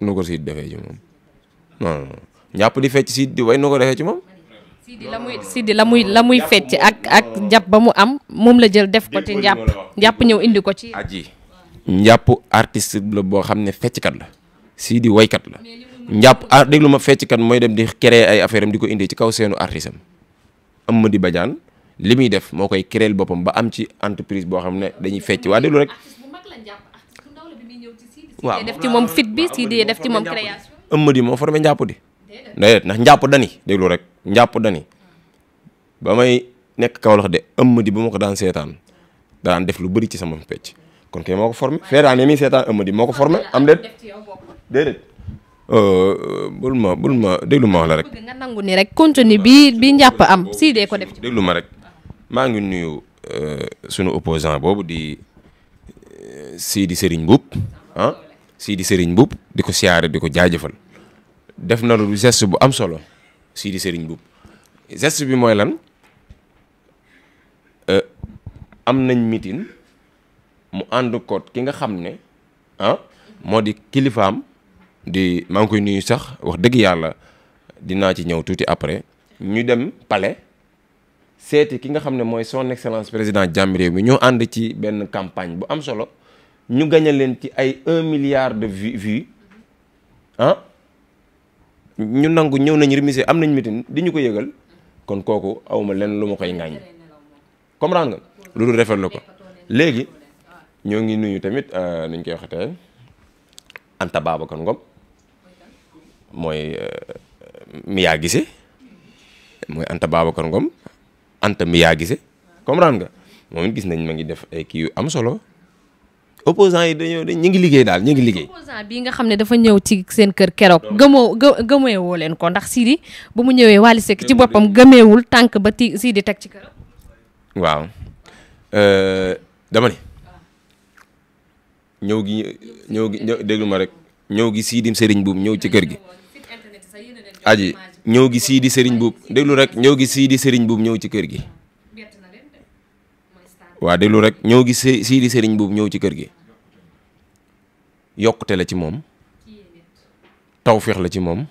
nu ko Sidy defee ci moom njàpp di fecc Sidy di way nu ko defee ci moom. la muy Sidi la muy la muy fecc ak ak njàpp ba mu am moom la jël def ko ci njàpp njàpp ñëw indi ko ci. aji njàpp artiste la boo xam ne fecckat la Sidi waykat la njàpp ah déglu ma fecckat mooy dem di créer ay affaire am di ko indi ci kaw seenu artiste am Amady Badiane li muy def moo koy créer boppam ba am ci entreprise boo xam ne dañuy fecc waa déglu rek. waaw def ci moom fit bi Sidi def ci moom création. Amady moo formé njàpp di. déedéet ndax njàpp dani déglu rek njàpp dani ba may nekk Kaolack de ëmm di ba ma ko daan seetaan daan def lu bëri ci sama pecc kon moo ko formé feetaan yi muy seetaan moo ko formé am déet déedéet euh, bul ma bul ma déglu ma wax la rek. nga nangu ni rek contenu bi bi njàpp am si dee ko def. déglu ma rek maa ngi nuyu euh, sunu opposant boobu di euh, Sidi Serigne Mboup ah Sidi Serigne Mboup di ko siyaare di ko jaajëfal. def na lu geste bu am solo Sidi Serigne Boub geste bi mooy lan euh, am nañ mitin mu ànd ko ki nga xam ne ah moo di kilifaam di maa ngi koy nuyu sax wax dëgg yàlla dinaa ci ñëw tuuti après ñu dem pale seeti ki nga xam ne mooy son excellence président Jàmmi Réew mi ñoo ànd ci benn campagne bu am solo ñu gañe leen ci ay un milliard de vie ah ñu nangu ñëw nañu remise am nañ meeting di ñu ko yëgal kon kooku awma lenn lu ma koy ŋàññ comprendre nga lu dul rafetlu ko léegi ñoo ngi nuyu tamit euh, nuñ koy waxatee Anta Babacar Ngom mooy euh, Miya Gise mooy Anta Babacar Ngom Anta Miya Gise comprendre nga moom gis nañ ma ngi def ay kii yu am solo opposants yi dañoo dañ ñu ngi liggéey daal ñu ngi liggéey. opposant bii nga xam ne dafa ñëw ci seen kër keroog. gëmoo gëmeewoo leen ko ndax Sidi bu mu ñëwee Wally Seck ci boppam gëmeewul tànk ba ti Sidi teg ci kër. waaw euh, dama ni gi rek ñëw gi Sidi Serigne Boub ñëw ci kër gi. aji ñëw gi Sidi Serigne Boub déglu rek ñëw gi Sidi Serigne Boub ñëw ci kër gi. waa déglu rek ñëw gi sii di sëriñ boobu ñëw ci kër gi yokkute la ci moom tawféex la ci moom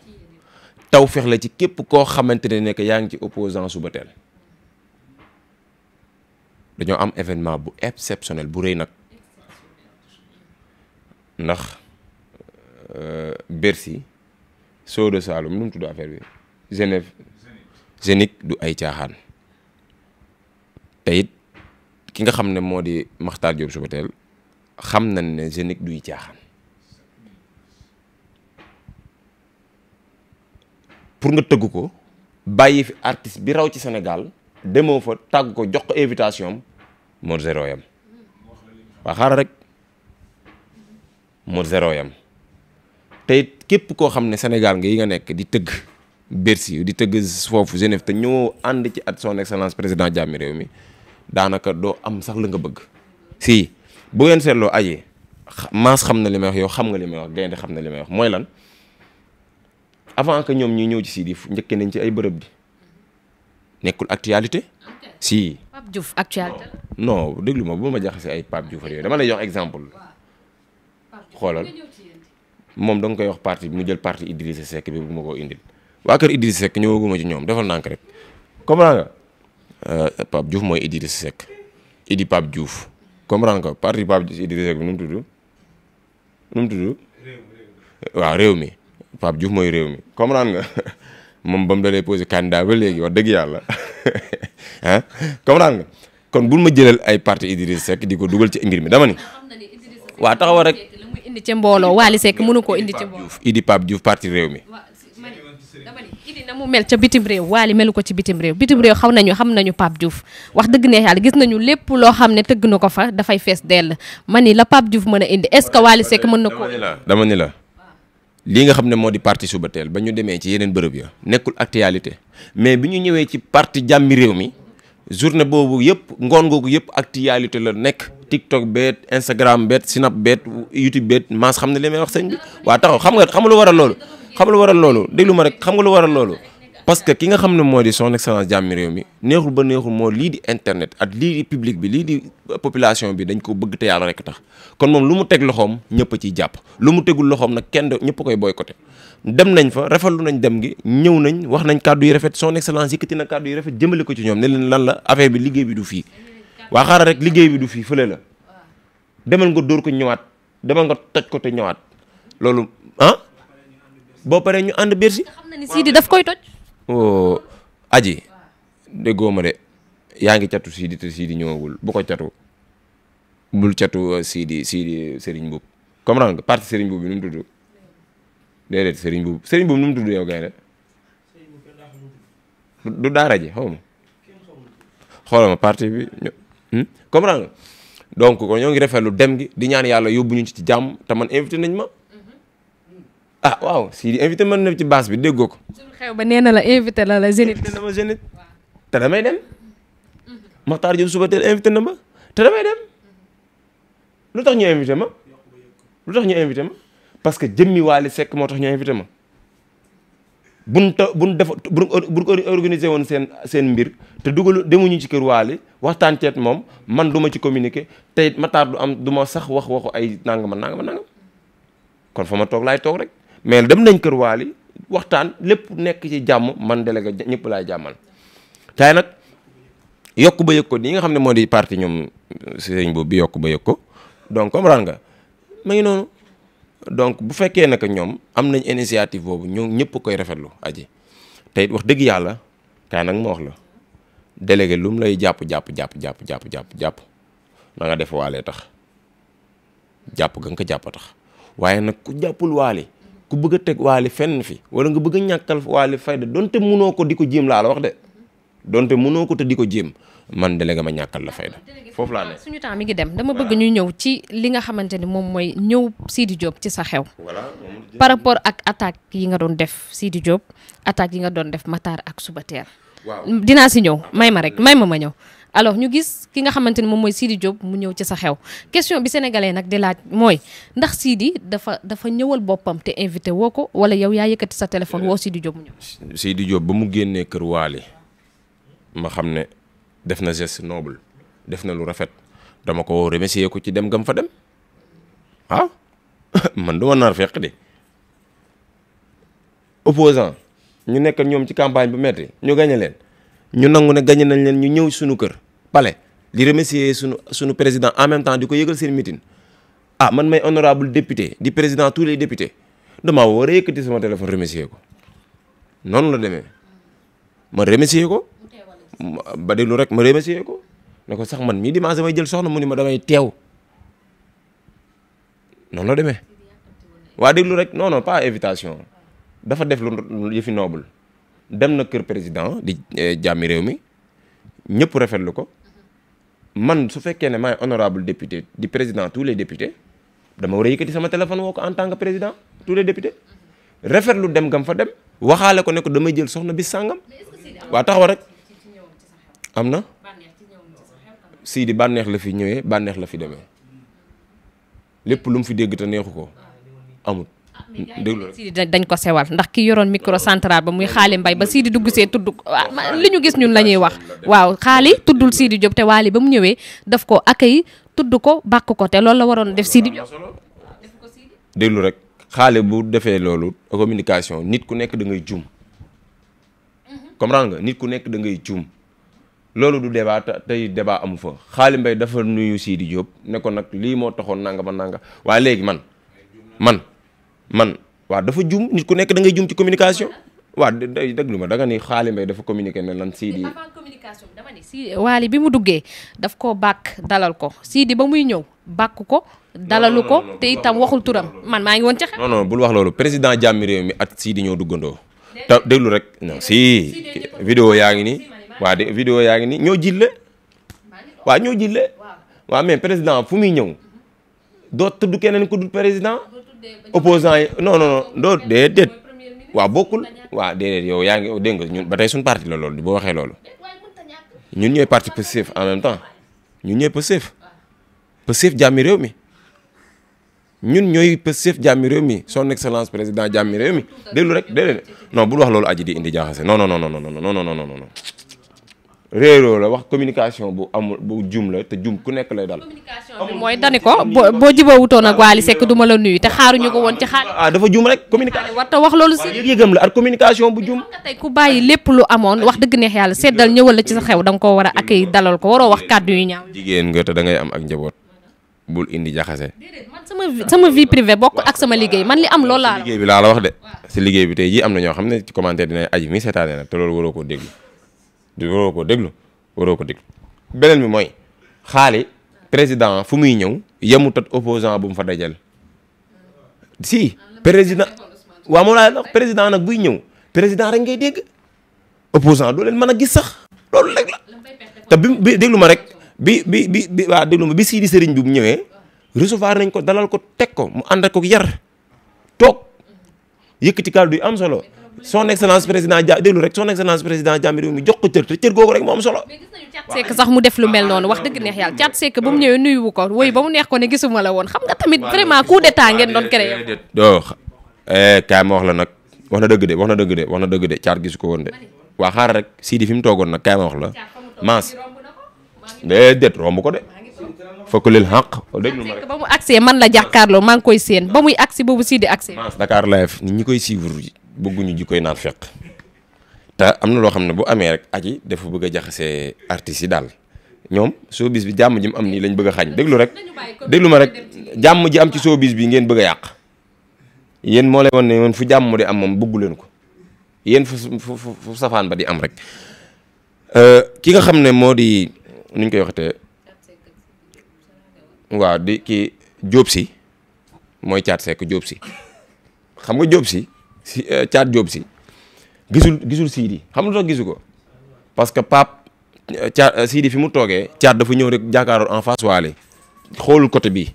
tawféex la ci képp koo xamante ne nekk yaa ngi ci opposant suba teel dañoo am événement bu exceptionnel bu rëy nag ndax euh, Bercy soo de Saloum nu mu tudd affaire bi Genève Zénith du ay caaxaan te ki nga xam ne moo di Makhtar Diop Soubatel xam nañ ne Zénith duy caaxaan pour nga tëgg ko bàyyi fi artiste bi raw ci Sénégal demoo fa tàgg ko jox ko invitation am mot zéro yam waa xaaral rek mot zéro yam te képp koo xam ne Sénégal ngi yi nga nekk di tëgg Bercy di tëgg foofu Genève te ñoo ànd ci at son excellence président jàmmi réew mi daanaka doo am sax la nga bëgg si bu ngeen seetloo aji maas xam na li may wax yow xam nga li may wax gaynde xam na li may wax mooy lan avant que ñoom ñuy ñëw ci Sidi njëkkee nañ ci ay bërëb di nekkul actualité si. Pape Diouf actualité non déglu ma bu ma jaxasee ay Pape Diouf yooyu dama lay jox exemple xoolal moom da koy wax parti mu jël parti Idrissa Seck bi bu ma koo indil waa kër Idrissa Seck ñëwaguma ci ñoom defal naa ko rek Euh, Pape Diouf mooy Idrissa Seck Idi Pape Diouf comprendre nga parti Pape Idrissa Seck bi nu mu tudd nu mu tudd waaw réew mi Pape Diouf mooy réew mi comprendre nga moom ba mu dalee posé candidat ba léegi wax dëgg yàlla ah comprendre kon bul ma jëlal ay parti Idrissa Seck di ko dugal ci ngir mi dama ni waa taxawal rek. li muy indi ci mbooloo Wally Seck mënu koo indi ci mbooloo. Idi Pape Diouf parti réew mi. dama ni na mu mel ca bitim réew waali ko ci bitim réew bitim réew xaw nañu xam nañu Pape wax dëgg neex yàlla gis nañu lépp loo xam ne tëgg na ko fa dafay fees dell ma ni la Pape Diouf mën indi est-ce que Waly Seck mën na ko dama ni la lii nga xam ne moo di parti suba teel ba ñu demee ci yeneen bërëb ya nekkul actualité mais bi ñu ñëwee ci parti jàmmi réew mi journée boobu yëpp ngoon googu yëpp actualité la nekk TikTok beet Instagram beet Snap beet YouTube beet maas xam ne li may wax sëñ bi waa taxaw xam nga xam lu waral loolu xam lu waral loolu déglu ma rek xam nga lu waral loolu parce que ki nga xam ne moo di son excellence jàmmi réew mi neexul ba neexul moo lii di internet ak lii di public bi lii di euh, population bi dañ ko bëgg te yàlla rek tax kon moom lu mu teg loxoom ñëpp a jàpp lu mu tegul loxoom nag kenn ñëpp koy boycotté dem nañ fa rafetlu nañ dem ngi ñëw nañ wax nañ kàddu yi rafet son excellence yëkkati na kàddu yu rafet jëmale ko ci ñoom ne leen lan la affaire bi liggéey bi du fii waa xaaral rek bi du fii fële la demal nga dóor ko ñëwaat demal nga toj ko ñëwaat ah? boo paree ñu ànd Bercy. xam na ni Sidi daf koy toj. Oh, aji déggoo ma de yaa ngi catu Sidi te Sidi ñëwagul bu ko catu bul catu uh, Sidi Sidi Serigne Boub comprendre nga parti bi nu mu tudd déedéet Serigne Boub Serigne Boub nu mu ji xaw ma xoolal hmm? ñoo ngi rafetlu dem gi di ñaan yàlla yóbbu ñu ci jàmm te man invité ma. ah waaw Sidi invité mën na ci baas bi déggoo ko. suñu xew ba nee na la invité la la Zénith. invité na ma Zénith te damay dem. Makhtar Diop suba teel invité na ma te damay dem lu tax ñu invité ma lu tax ñu invité ma parce que jëmmi Waly Seck moo tax ñu invité ma. buñ ta buñ def buñ woon seen seen mbir te dugalu demuñu ci kër Waly waxtaan moom man duma ci communiqué te it Makhtar du am duma sax wax waxu ay nangama nangama nangam kon fa ma toog laay toog rek. mais dem nañ kër waali waxtaan lépp nekk ci jàmm man délégué ñëpp laay jàmmal tay nag yokk ba yëg ko nii nga xam ne moo di parti ñoom sëñ boobu bi yokk ba ko donc comprendre nga ma ngi noonu donc bu fekkee naka ñoom am nañ initiative boobu ñoo ñëpp koy rafetlu aji te it wax dëgg yàlla kaay nag ma wax la délégué lu mu lay jàpp jàpp jàpp jàpp jàpp jàpp jàpp na nga def waalee tax jàpp ga ko jàpp tax waaye nag ku jàppul waale ku bëgg a teg waali fenn fi wala nga bëgg a ñàkkal waali fayda donte munoo ko di ko jéem laa la wax de donte munoo ko te di ko jéem man délégué ma ñàkkal la fayda foofu laa ah, suñu temps mi ngi dem dama bëgg ñu ñëw ci li nga xamante ni moom mooy ñëw Sidi Diop ci sa xew par rapport ak attaque yi nga doon def Sidi Diop attaque yi nga doon def Matar ak Suba Teel waaw dinaa si ñëw may ma rek may ma ma ñëw alors ñu gis ki nga xamante ni moom mooy Sidi Diop mu ñëw ci sa xew question bi sénégalais nag di laaj mooy ndax Sidi dafa dafa ñëwal boppam te invité woo ko wala yow yaa yëkkati sa téléphone woo Sidi Diop mu ñëw. Sidi Diop ba mu génnee kër Waly ma xam ne def na geste noble def na lu rafet dama ko remercier ko ci dem gam fa dem ah man du ma nar fekk de opposant ñu nekk ñoom ci campagne bu metti ñu gañe leen ñu nangu ne gañe nañ leen ñu ñëw sunu kër. palais di remercier sunu sunu président en même temps di ko yëgal seen meeting a ah, man may honorable député di président tous les députés damaa war a yëkkati sama téléphone remercier ko noonu la demee ma remercier ko ba déglu rek ma remercier ko ne ko sax man mii dimanche damay jël soxna mu ni ma damay teew la demee waa déglu rek non non pas invitation dafa def lu yëfi noble dem na kër président di eh, jàmmi réew mi ñëpp rafetlu ko man su fekkee ne maay honorable député di président tous les députés dama war a yëkkati sama téléphone woo ko en tant que président tous les députés rafetlu dem gam fa dem waxaale ko ne ko damay jël soxna bis sàngam waa taxaw rek am na Sidi bànneex la fi ñëwee bànneex la fi demee lépp lu fi dégg te neexu ko ah, amut Ah, déglu rek dañ ko sewal ndax ki yoroon micro central ba muy xaali mbay ba Sidi dugg see tudd li ñu gis ñun la ñuy wax waaw xaali tuddul Sidi Diop te waali ba mu ñëwee daf ko accueil tudd ko bàkk ko te loolu la waroon def Sidi Diop déglu rek xaali bu defee loolu communication nit ku nekk dangay juum comprendre nga nit ku nekk da ngay juum loolu du débat tey débat amu fa xaali mbay dafa nuyu Sidi Diop ne ko nag lii moo taxoon nanga ma nanga waaye léegi man man man waaw dafa jum nit ku nekk da ngay jum ci communication. waaw déglu ma da nga ni Xaali Mbaye dafa communiqué ne lan Sidi. avant communication bi mu duggee daf koo bàkk dalal ko di ba muy ñëw bàkk ko. dalal ko te itam waxul turam man maa ngi woon ci xel. non non bul wax loolu président jàmmi réew mi ak Sidi ñoo duggandoo. ta déglu rek non si. vidéo yaa ngi nii waa de vidéo yaa ngi nii ñoo jille waa ñoo jille waa mais président fu muy ñëw doo tudd keneen ku dul président. opposant yi non non non doo déedéet waaw bokkul waaw déedéet yow yaa ngi dégg nga ñun ba tey suñu parti la loolu boo waxee loolu ñun ñooy parti Pastef en même temps ñun ñooy Pastef Pastef jàmmi réew mi ñun ñooy Pastef jàmmi réew mi son excellence président jàmmi réew mi déglu rek déedéet non bul wax loolu aji di indi jaaxase non non no non non réeroo la wax communication bu amul bu jum la te jum ku nekk lay dal. communication bi mooy dani ko boo boo jubóowutoon ak Wally Seck du ma la nuyu te xaaruñu ko woon ci xaar. ah dafa jum rek communication. war wax loolu si ak communication bu jum. tey ku bàyyi lépp lu amoon wax dëgg neex yàlla seddal ñëwal la ci sa xew da nga koo war a accueil dalal ko waroo wax kàddu yu ñaaw. jigéen nga da ngay am ak njaboot. bul indi jaxase. déedéet man sama sama vie privée bokk ak sama liggéey man li am loolu laa la. wax de. si liggéey bi tey jii am na ñoo xam ne ci commentaire dinañ aji mi seetaane na te loolu waroo koo déglu du waroo ko déglu waroo ko déglu beneen bi mooy xaali président fu muy ñëw yemut ak opposant bu mu fa dajal si président waaw moom laa président nag buy ñëw président rek ngay dégg opposant doo leen mën a gis sax loolu rek la te bi bi déglu ma rek bi bi bi bi waaw déglu ma bi sii di sëriñ bi mu ñëwee recevoir nañ ko dalal ko teg ko mu ànd ak ko yar toog yëkkati kàddu yu am solo son excellence président Dia déglu rek son excellence président Diame réew mi jox ko cër googu rek moo solo. wax dëgg neex yàlla Thiat Seck ba mu ñëwee nuyuwu ko woy ba mu neex ko ne gisuma la woon xam nga tamit vraiment coup d'état ngeen doon créé. doo eh, kaay ma wax la nag wax na dëgg de wax na dëgg de wax na dëgg de Thiat gisu ko woon de waa xaar rek Sidi fi mu toogoon nag kaay ma wax la maas déedéet romb ko de. fakkulil xaq déglu ma rek ba mu agsee man la jàkkaarloo maa ngi koy seen ba muy agsi boobu Sidi agsee. maas Dakar live nit ñi koy suivre bëgguñu jikkoy naan fekk te am na loo xam ne bu amee rek aji dafa bëgg a jaxasee artistes yi daal ñoom showbiz bi jàmm ji mu am nii lañ bëgg a xañ déglu rek déglu ma rek jàmm ji am ci soobis bi ngeen bëgg a yàq yéen moo lay won ne man fu jàmm di am moom bëggu ko yéen fu fu fu ba di am rek euh, ki nga xam ne moo di nuñ koy waxatee waaw di kii jóob si mooy caat sekk Diop Sy xam nga Diop si si euh, Thiat Diop si gisul gisul Sidi xam nga lu tax gisu ko parce que Pape euh, Thiat euh, Sidi fi mu toogee Thiat dafa ñëw rek jàkkaaroo en face waale xoolul côté bi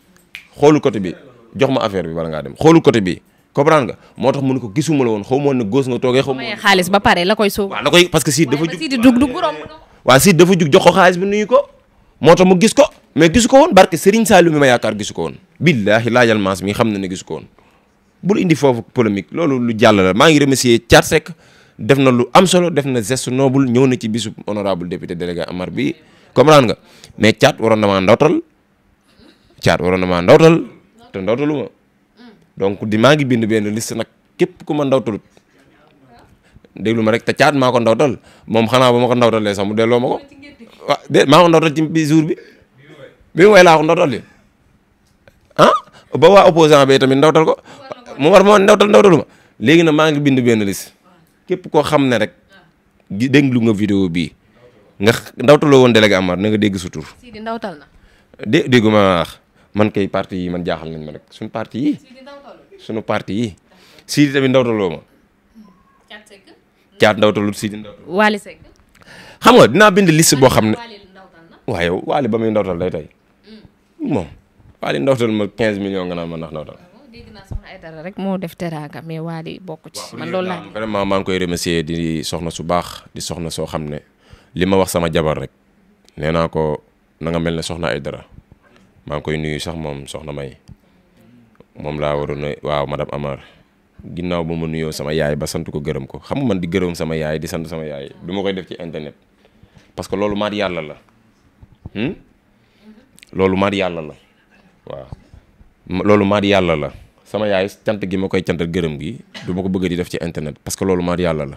xoolul côté bi jox ma affaire bi bala ngaa dem xoolul côté bi comprendre nga moo tax mu ne ko gisuma la woon xaw xaalis ba pare la ko xaalis bi nuyu ko moo tax mu gis ko mais gisu ko woon barke Serigne Saliou mi ma yaakaar gisu ko woon billaahi laajal maas mi xam na ne gisu ko woon bul indi foofu polémique loolu lu jàll la maa ngi remercier Thiat Seck def na lu am solo def na geste noble ñëw na ci bisu honorable député délégué Amar bi comprendre nga mais Thiat waroon na maa ndawtal Thiat waroon na maa ndawtal te ndawtalu ma donc di maa ngi bind benn liste nag képp ku ma ndawtalut déglu ma rek te Thiat maa ndawtal moom xanaa ba ma ko ndawtalee sax mu delloo ma ko waaw ndawtal ci bi jour bi bi mu ko ndawtal li ah ba waa opposant mu war moo ndawtal ndawtalu ma léegi nag maa ngi bind benn liste képp koo xam ne rek déglu nga vidéo bi nga ndawtaloo woon délégué Amar na nga dégg sa tur. Sidi ma man kay parti yi man jaaxal nañ ma rek suñu parti yi. suñu parti yi. Sidi tamit ndawtaloo ma. caat ndawtalut Sidi ndawtalut. Waly Seck. xam nga dinaa bind liste boo xam ne. waaye Waly ba muy ndawtal day tey mm. moom Waly ndawtal ma 15 millions nga naan ma ndax ndawtal. dégg rek moo def teraanga mais Wally bokk ci. man loolu ngi koy remercier di soxna su baax di soxna soo xam ne li ma wax sama jabar rek nee naa ko na mel ne soxna ay dara maa ngi koy nuyu sax moom soxna May moom laa waroon a waaw madame Amar. ginnaaw ba ma nuyoo sama yaay ba sant ko gërëm ko xam man di gërëm sama yaay di sant sama yaay du ma koy def ci internet parce que loolu maat yàlla la hmm? mhm. loolu maat yàlla la waaw loolu maat yàlla la sama yaay cant gi ma koy cantal gërëm gi du ma ko bëggee di def ci internet parce que loolu man yàlla la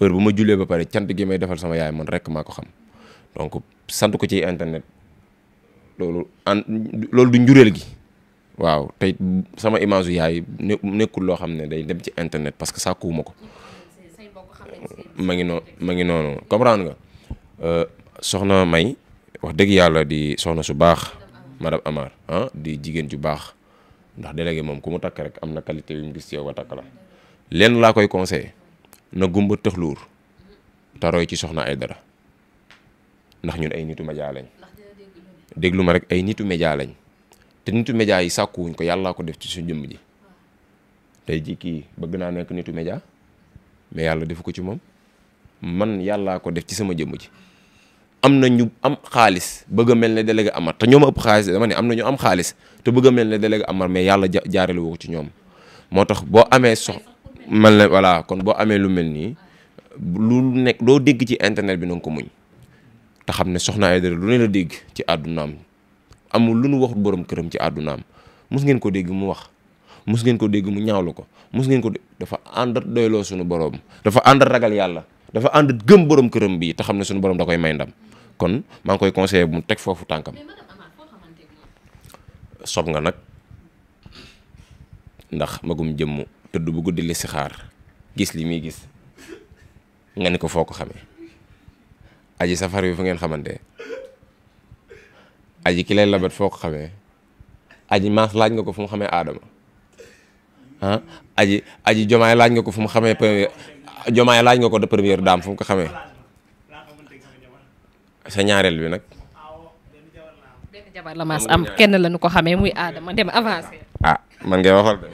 heure bu ma jullee ba pare cant gi may defal sama yaay man rek maa ko xam donc sant ko ci internet loolu loolu du njuréel gi waaw tey sama image yu yaay nekkul loo xam ne day dem ci internet parce que sàkkuwuma ko ma ngi noonu ma ngi noonu comprendre nga euh, soxna May wax dëgg yàlla di soxna su baax ma Amar ah di jigéen ju baax ndax délégué moom ku mu takk rek am na qualité yu mu gis ci yow ba takk la lenn laa koy conseillé na gumba tëxluur te roy ci soxna ay dara ndax ñun ay nitu média lañ déglu ma rek ay nitu média lañ te nitu média yi sàkkuwuñ ko yàllaa ko def ci suñu jëmm ji tey ji kii bëgg naa nekk nitu média mais yàlla defu ko ci moom man yàllaa ko def ci sama jëmm ji am na ñu am xaalis bëgg a mel ne délégué Amar te ñoom ëpp xaalis dama ne am na ñu am xaalis te bëgg a mel ne délégué Amar mais yàlla ja jaarale ko ci ñoom moo tax boo amee sox mal la voilà kon boo amee lu mel nii lu nekk doo dégg ci internet bi na ko muñ te xam ne Soxna Aïdara lu ne la dégg ci àddunaam amul lu nu waxut borom këram ci àddunaam mus ngeen ko dégg mu wax mus ngeen ko dégg mu ñaawlu ko mus ngeen ko dafa ànd doyloo sunu borom dafa ànd ragal yàlla dafa ànd gëm borom këram bi te xam ne suñu borom da koy may kon maa ngi koy bu mu teg foofu tànkam sob nga nag ndax magum jëmmu tëdd bu guddi li sixaar gis li muy gis nga ni ko foo ko xamee aji safar bi fu ngeen xamante aji ki lay labat foo ko xamee aji maas laaj nga ko fu mu xamee aadama ah aji aji jomaay laaj nga ko fu mu xamee premier jomaay laaj nga ko de première dame fu mu ko xamee sa ñaareel bi nag. benn jabar la mas am kenn la ñu ko xamee muy aadama dem avancé. ah man ngay waxal de.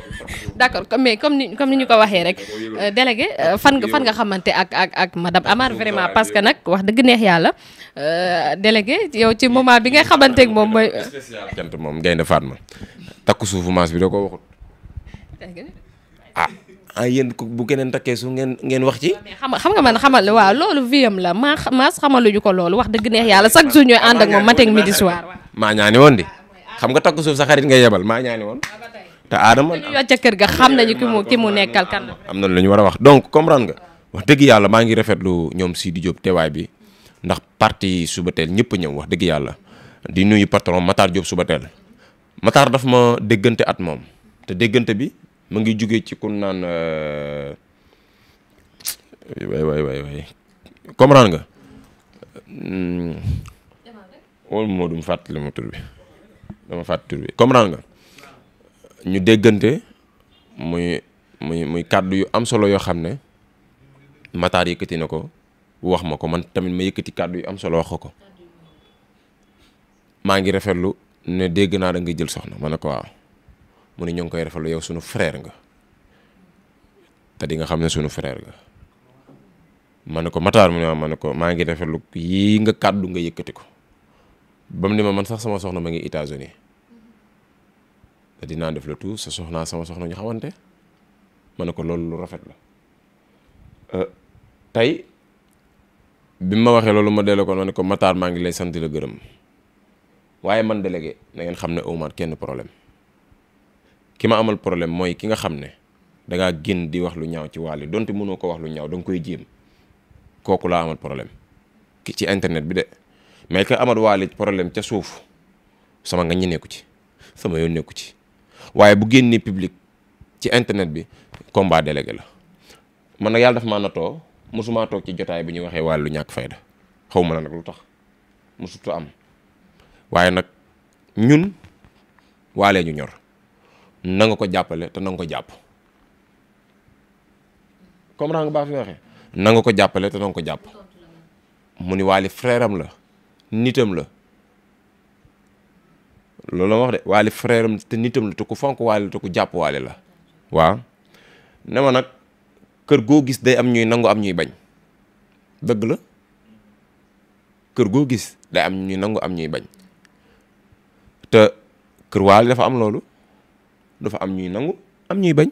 d'accord mais comme ni comme ni ñu ko waxee rek euh, délégué euh, fan nga fan nga xamante ak ak ak madame Amar vraiment parce que nag wax dëgg neex yàlla euh, délégué yow ci moment bi nga xamante ak moom mooy. spécial cant moom Gaynde Fatma takku suufu maas bi da ko waxut. ah yéen bu keneen takkee su ngeen ngeen wax ci. xam nga man xamal waaw loolu viem la maa maas ñu ko loolu wax dëgg neex yàlla chaque jour ñooy ànd ak moom matin midi maa ñaani woon di xam nga takk suuf sa xarit nga yebal maa ñaani woon. te aadama ñu kër ga xam nañu ki mu ki mu nekkal kan am na lu ñu war wax donc comprendre nga wax dëgg yàlla maa ngi rafetlu ñoom Sidi Diop teewaay bi ndax parti suba teel ñëpp ñëw wax dëgg yàlla di nuyu patron Matar Diop suba teel Matar daf ma déggante at moom te déggante bi mu ngi jóge ci kun naan euh, waay waay waay waay comprendre nga. Hmm. wala moo dum fàttali ma tur bi dama fàttali tur bi comprendre nga ñu déggante muy muy muy kàddu yu am solo yoo xam ne Matar yëkkati na ko wax ma ko man tamit ma yëkkati kàddu yu am solo wax ko maa ngi rafetlu ne dégg naa da nga jël soxna ma ne ko waaw. mu ne ñoo ngi koy rafetlu yow sunu frère nga te di nga xam ne sunu frère nga ma ne ko Matar mu ne ma ne ko maa ngi rafetlu yii nga kàddu nga yëkkati ko ba mu ma man sax sama soxna ma ngi États-Unis def le tout sa soxnaa sama soxna ñu ma ne ko loolu lu rafet la euh, tey bi ma waxee loolu ma delloo ko ma ne ko Matar maa ngi lay sant la gërëm waaye man délégué na ngeen xam ne awmaat kenn problème. ki ma amal problème mooy ki nga xam ne dangaa génn di wax lu ñaaw ci Wally donte mënoo ko wax lu ñaaw da koy jéem kooku laa amal problème ci internet bi de mais que amal problème ca suuf sama nga ñi nekku ci sama yoon nekku ci waaye bu génnee public ci internet bi combat la man nag yàlla daf maa natoo mosumaa toog ci jotaay bi ñuy waxee Wally lu ñàkk fayda xaw ma na nag lu tax mosutu am waaye nag ñun waalee ñu ñor na ko jàppale te na ko jàpp comme nga baa fi ko jàppale te na ko jàpp mu ni waali frère la nitam la loolu la wax de waali frère te nitam la te ku fonk waali te ku jàpp waali la waaw ne ma nag kër goo gis day am ñuy nangu am ñuy bañ dëgg la kër goo gis day am ñuy nangu am ñuy bañ te kër waali dafa am loolu dafa am ñuy nangu am ñuy bañ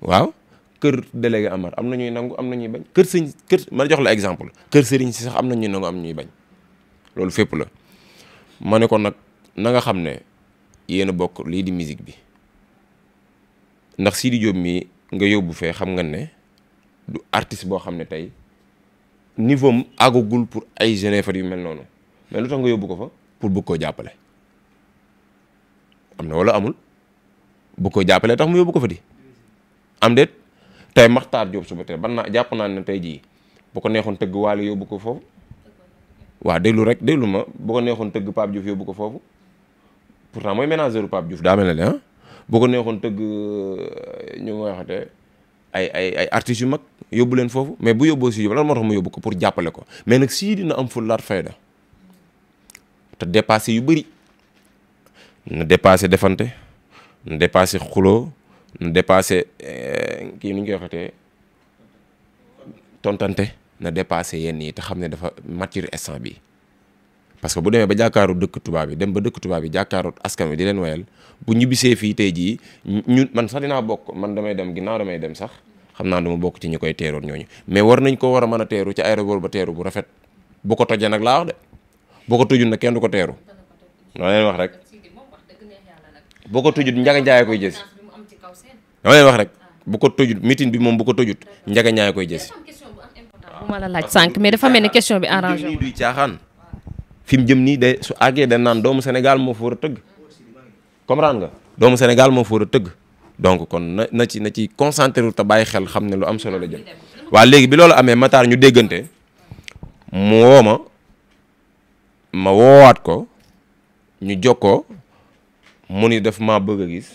waaw kër délégué Amar am na ñuy nangu am na ñuy bañ kër sëñ kër ma jox la exemple kër sëriñ si sax am na ñuy nangu am ñuy bañ loolu fépp la ma ne ko nag nanga xam ne yéen a bokk lii di musique bi ndax sii di Diop mii nga yóbbu fee xam nga ne du artiste boo xam ne tey niveau am àggagul pour ay Genève yu mel noonu mais lu tax nga yóbbu ko fa pour bëgg koo jàppale am na wala amul. bu ko jàppalee tax mu yóbbu ko fa di am déet tey maxtaar Diop suba tey ban naa jàpp naa ne tey jii bu ko neexoon tëgg waale yóbbu ko foofu waaw déglu rek déglu ma bu neexoon tëgg Pape Diouf yóbbu ko foofu pourtant mooy ménageur Pape Diouf daa mel ne ah bu ko neexoon tëgg euh, ñu ma waxate ay ay ay artistes yu mag yóbbu leen foofu mais bu yóbboo si yóbbu lan moo tax mu yóbbu ko pour jàppale ko mais nag sii dina am ful laat fayda te dépassé yu bëri na dépassé defante na dépasé xuloo nu dépassé kii nu ñu koy waxatee tontante na dépassé yenn yi te xam ne dafa mature estant bi parce que bu demee ba jàkkaaru dëkk tubaab bi dem ba dëkk tubaab yi jàkkaaru askan wi di leen wayal bu ñibbisee fii tey jii ñu man sax dinaa bokk man damay dem ginnaaw damay dem sax xam naa dama bokk ci ñu koy teeroon ñooñu mais war nañ koo war a mën a teeru ci aéroport ba teeru bu rafet bu ko tojee nag laa wax de bu ko tojul nag kenn du ko teeru. loo leen wax rek boo ko tëjut njaga njaay koy jësi dama leen wax rek bu ko tëjut meeting bi moom bu ko tojut njaga njaay koy jësi bu ma la laaj sànq mais dafa mel ni question bi arrangé nii duy caaxaan fi mu jëm nii de su àggee dañ naan doomu Sénégal moo foo war a tëgg comprendre nga doomu Sénégal moo fa a tëgg donc kon na na ci na ci concentré wu te bàyyi xel xam ne lu am solo la jëm waa léegi bi loolu amee Matar ñu déggante mu woo ma ma woowaat ko ñu jokkoo mu ni def maa bëgg a gis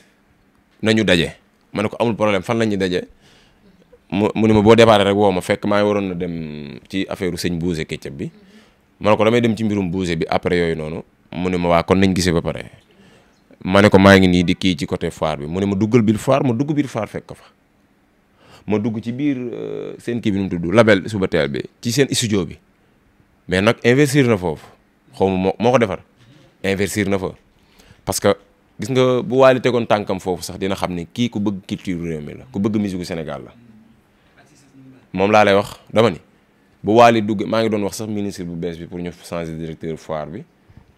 nañu daje ma ne ko amul problème fan la ñuy daje mu mu ni ma boo déparé rek woo ma fekk maa ngi waroon na dem ci affaire sëñ Bouzé Ketchup bi ma ne ko damay dem ci mbirum Bouzé bi après yooyu noonu mu ni ma waa kon nañ gisee ba pare ma ne ko maa ngi nii di kii ci côté foire bi mu ne ma duggal biir foire ma dugg biir foire fekk ko fa ma dugg ci biir euh, seen kii bi nu mu tudd label suba teel bi ci seen studio bi mais nag investir na foofu xaw ma moo ko defar investir na fa gis nga bu Wally tegoon tànkam foofu sax dina xam ni kii ku bëgg culture réew mi la ku bëgg musique Sénégal la moom laa lay wax dama ni bu Wally dugg maa ngi doon wax sax ministre bu bees bi pour ñu changer directeur foir bi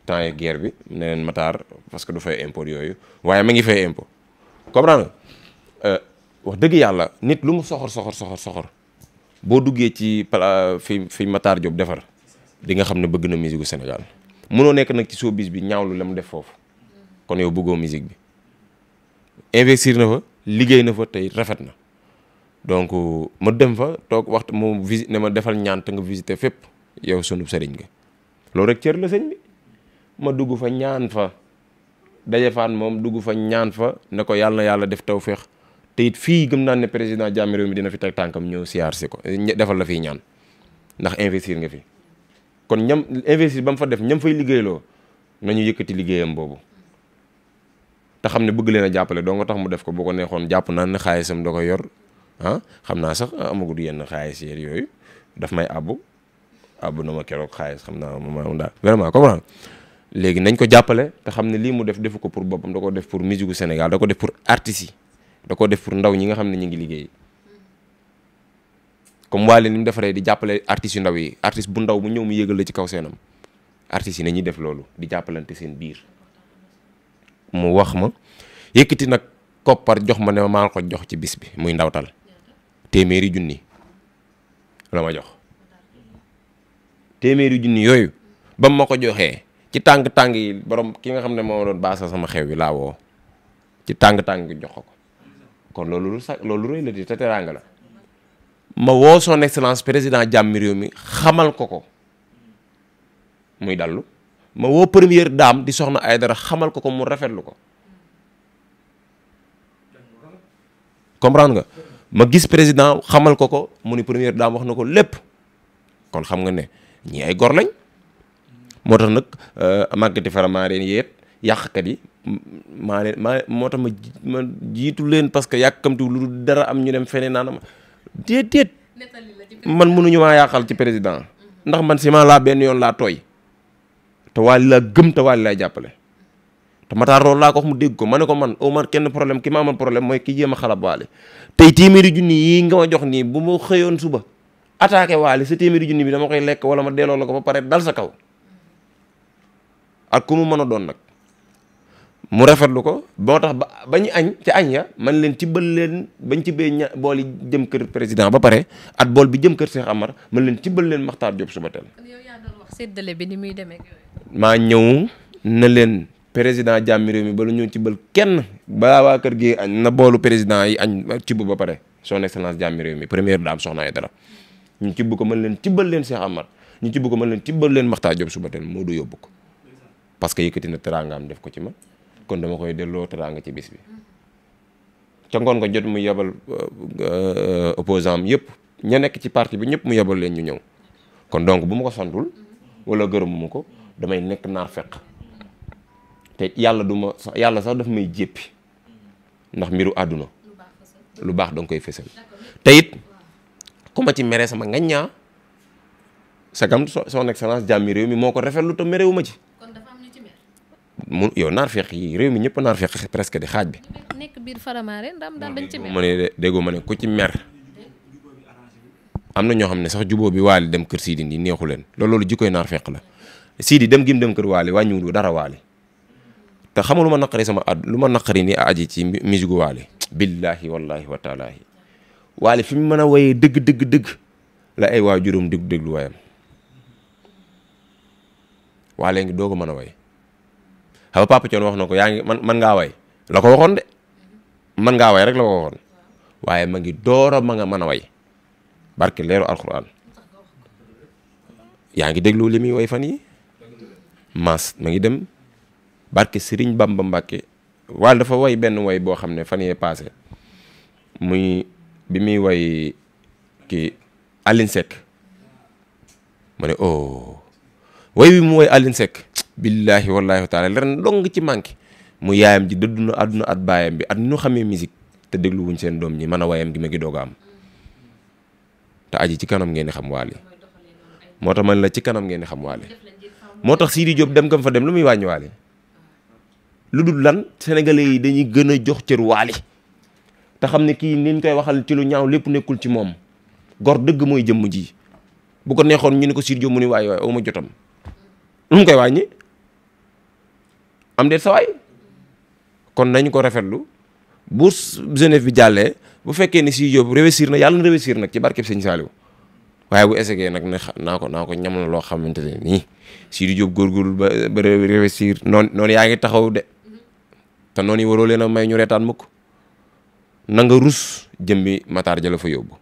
temps yi guerre bi ne leen Matar parce que du fay impôt yooyu waaye ma ngi fay impôt comprendre nga euh, wax dëgg yàlla nit lu mu soxor soxor soxor soxor boo duggee ci fi fi Matar Diop defar di nga xam ne bëgg na musique Sénégal mënoo nekk nag ci showbiz bi ñaawlu la mu def foofu kon yow bëggoo musique bi investir na fa liggéey na fa tey rafet na donc euh, ma dem fa toog waxtu mu visite ne ma defal ñaan te nga visité fépp yow sunu sëriñ nga loolu rek cër la sëñ bi ma dugg fa ñaan fa dajefaan moom dugg fa ñaan fa ne ko yàlla yàlla def taw tawféex te it fii gëm naa ne président jàmm réew mi dina fi teg tànkam ñëw siyaar ko defal la fiy ñaan ndax investir nga fi kon ñam investir ba mu fa def ñam fay liggéeyloo ñu yëkkati liggéeyam boobu te xam ne bëgg leen a jàppale doo nga tax mu def ko boo ko neexoon jàpp naa ne xaalisam da ko yor ah xam naa sax amagul yenn xaalis yeer yooyu daf may àbbu àbbu na ma keroog xaalis xam naa moom daal vraiment comprendre léegi nañ ko jàppale te xam ne lii mu def defu ko pour boppam da ko def pour musique gu Sénégal da ko def pour artistes yi da ko def pour ndaw ñi nga xam ne ñu ngi liggéey comme leen ni mu defaree di jàppale artistes yu ndaw yi artiste bu ndaw mu ñëw mu yëgal ci kaw seenam artistes yi nañuy def loolu di jàppalante seen biir. mu wax ma yëkkati nag koppar jox ma ne maa ko jox ci bis bi muy ndawtal téeméeri junni la ma jox téeméeri junni yooyu ba ma ko joxee ci tàng-tàng yi borom ki nga xam ne moo doon baasa sama xew yi laa woo ci tàng-tàng gi jox ko kon loolu lu sa loolu rëy la di te teraanga la ma woo excellence président jàmmi réew mi xamal ko ko muy dallu ma woo première dame di soxna ay dara xamal ko ko mu rafetlu ko comprendre nga ma gis président xamal ko ko mu ni première daam wax na ko lépp kon xam nga ne ñi ay gor lañ moo tax nag euh, màggati fara maa leen yeet yàqkat yi maa leen maa moo tax ma ma jiitu leen parce que yàkkamti lu dara am ñu dem feneen naan ma déet déet man mënuñu maa yàqal ci président mm-hmm. ndax man si ma laa benn yoon laa tooy te waali laa gëm te waali laay jàppale te Matar loolu laa ko wax mu dégg ko ma ne ko man Omar kenn problème ki ma amal problème mooy ki jéem a xalab tey téeméeri junni yii nga ma jox nii bu ma xëyoon suba attaqué waali sa téeméeri junni bi dama koy lekk wala ma delloo la ko ba dal sa kaw ku mu mën a doon nag mu rafetlu ko boo tax ba ba añ añ ya man leen ci bël leen bañ ci bee ña bool yi jëm kër président ba pare at bool bi jëm kër Cheikh Amar man leen ci bël leen Makhtar Diop suba teel séddale bi ni muy demee. maa ñëw na leen président jàmmi mi bala lu ñëw ci bël kenn balaa waa kër gi añ na boolu président yi añ ci bu ba pare son excellence jàmmi mi première daam soxna ay dara ñu ci bu ko mën leen tibbal leen Cheikh Amar ñu ci bugg ko mën leen tibbal leen Makhtar Diop suba teel moo du yóbbu ko parce que yëkkati na teraangaam def ko ci man kon dama koy delloo teraanga ci bis bi. ca ngoon nga jot mu yebal euh, euh, opposant am yëpp ña nekk ci parti bi ñëpp mu yebal leen ñu ñëw kon donc bu ma ko santul wala gërëmuma ko damay nekk naa fekk te yàlla du ma sax yàlla sax daf may jéppi ndax mbiru àdduna lu baax danga koy fësal te it ku ma ci mere sama ngaññaa sagam son excellence jàmmi réew mi moo ko rafetlu te merewu ma ci mu yow naar feq yi réew mi ñëpp naar feq presque di xaaj bi. nekk biir faramaare ndam daal dañ ci mer. ma ne déggoo ma ne ku ci mer. am na ñoo xam ne sax jubóo bi waali dem kër siidi nii neexu leen loolu loolu jikkoy naar fekk la siidi dem gim dem kër waali wàññiwul dara waali te xamul lu ma naqari sama ad lu ma naqari ni aji ci musique waali billaahi wallaahi wa taalaahi waali fi mu mën a woyee dëgg dëgg dëgg la ay waa juróom dégg déglu waayam waalee ngi doo ko mën a way xam papa Thione wax na ko yaa ngi man man ngaa way la ko waxoon de man ngaa way rek la ko waxoon waaye ma ngi door a ma nga mën a way barke leeru alxuraan yaa ngi déglu li muy way fan yi maas ma ngi dem barke sëriñ Bamba Mbàkke walla dafa way benn way boo xam ne fan yee paase muy bi muy way ki Aline Seck ne oh way wi mu way Aline Seck billaahi wallaahi wa taala ren dong ci manqué mu yaayam ji dëdduna àdduna at baayam bi at ñu xamee musique te dégluwuñ seen doom ñi mën a wayam gi ma gi doog a am te aji ci kanam ngeen xam waali moo tax man la ci kanam ngeen di xam waali moo tax Sidi Diop dem kam fa dem lu muy wàññi waali lu dul lan sénégalais yi dañuy gën a jox cër waali te xam ne kii niñ koy waxal ci lu ñaaw lépp nekkul ci moom gor dëgg mooy jëmm ji bu ko neexoon ñu ne ko Sidi Diop mu ni waay waay aw ma jotam lu mu koy wàññi am deet sawaay kon nañu ko rafetlu bu jeunesse bi jàllee bu fekkee ne sii Diop réussir na yàlla na réussir nag ci barkeb sëñ Saliou waaye bu essayé nag ne naa ko naa ko ñam loo xamante ne nii Sidi Diop góorgóorlu ba ba réussir noon noonu yaa ngi taxaw de te noonu yi waroo leen a may ñu reetaan mukk na nga rus jëmmi Matar Jalla fa yóbbu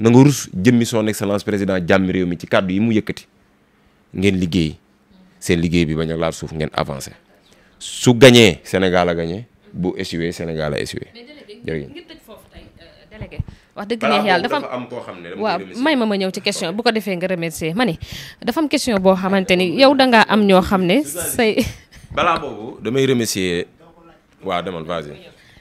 na rus jëmmi son excellence président jàmmi réew mi ci kàddu yi mu yëkkati ngeen liggéey seen liggéey bi bañ a suuf ngeen avancé su gañee Sénégal a gañee bu échoué Sénégal a échoué délégué wax dëgg neex yàlla dafa am koo xam ne waaw may ma ma ñëw ci question bu ko defee nga remercier ma ne dafa am question boo xamante ni yow da ngaa am ñoo xam ne say balaa boobu damay remercier waa demal vas-y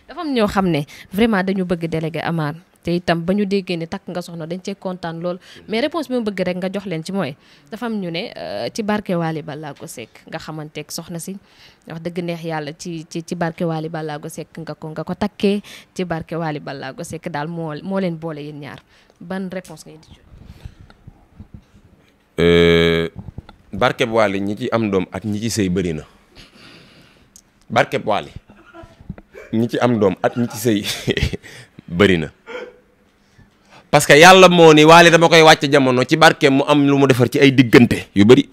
dafa am ñoo xam ne vraiment dañu bëgg délégué Amar te itam ba ñu déggee ni takk nga soxna dañ cee kontaan lool mais réponse bi ma bëgg rek nga jox leen ci mooy dafa am ñu ne euh, ci barke Waly Ballago Seck nga xamanteeg soxna si wax dëgg neex yàlla ci ci ci barke Waly Ballago Seck nga ko nga ko takkee ci barke Waly Ballago Seck daal moo moo leen boole yéen ñaar ban réponse ngay di euh, barkeb waali ñi ci am doom ak ñi ci sëy bëri na barkeb waali ñi ci am doom ak ñi ci sëy bëri na parce que yàlla moo ni waale dama koy wàcc jamono ci barkeem mu am lu mu defar ci ay diggante yu bari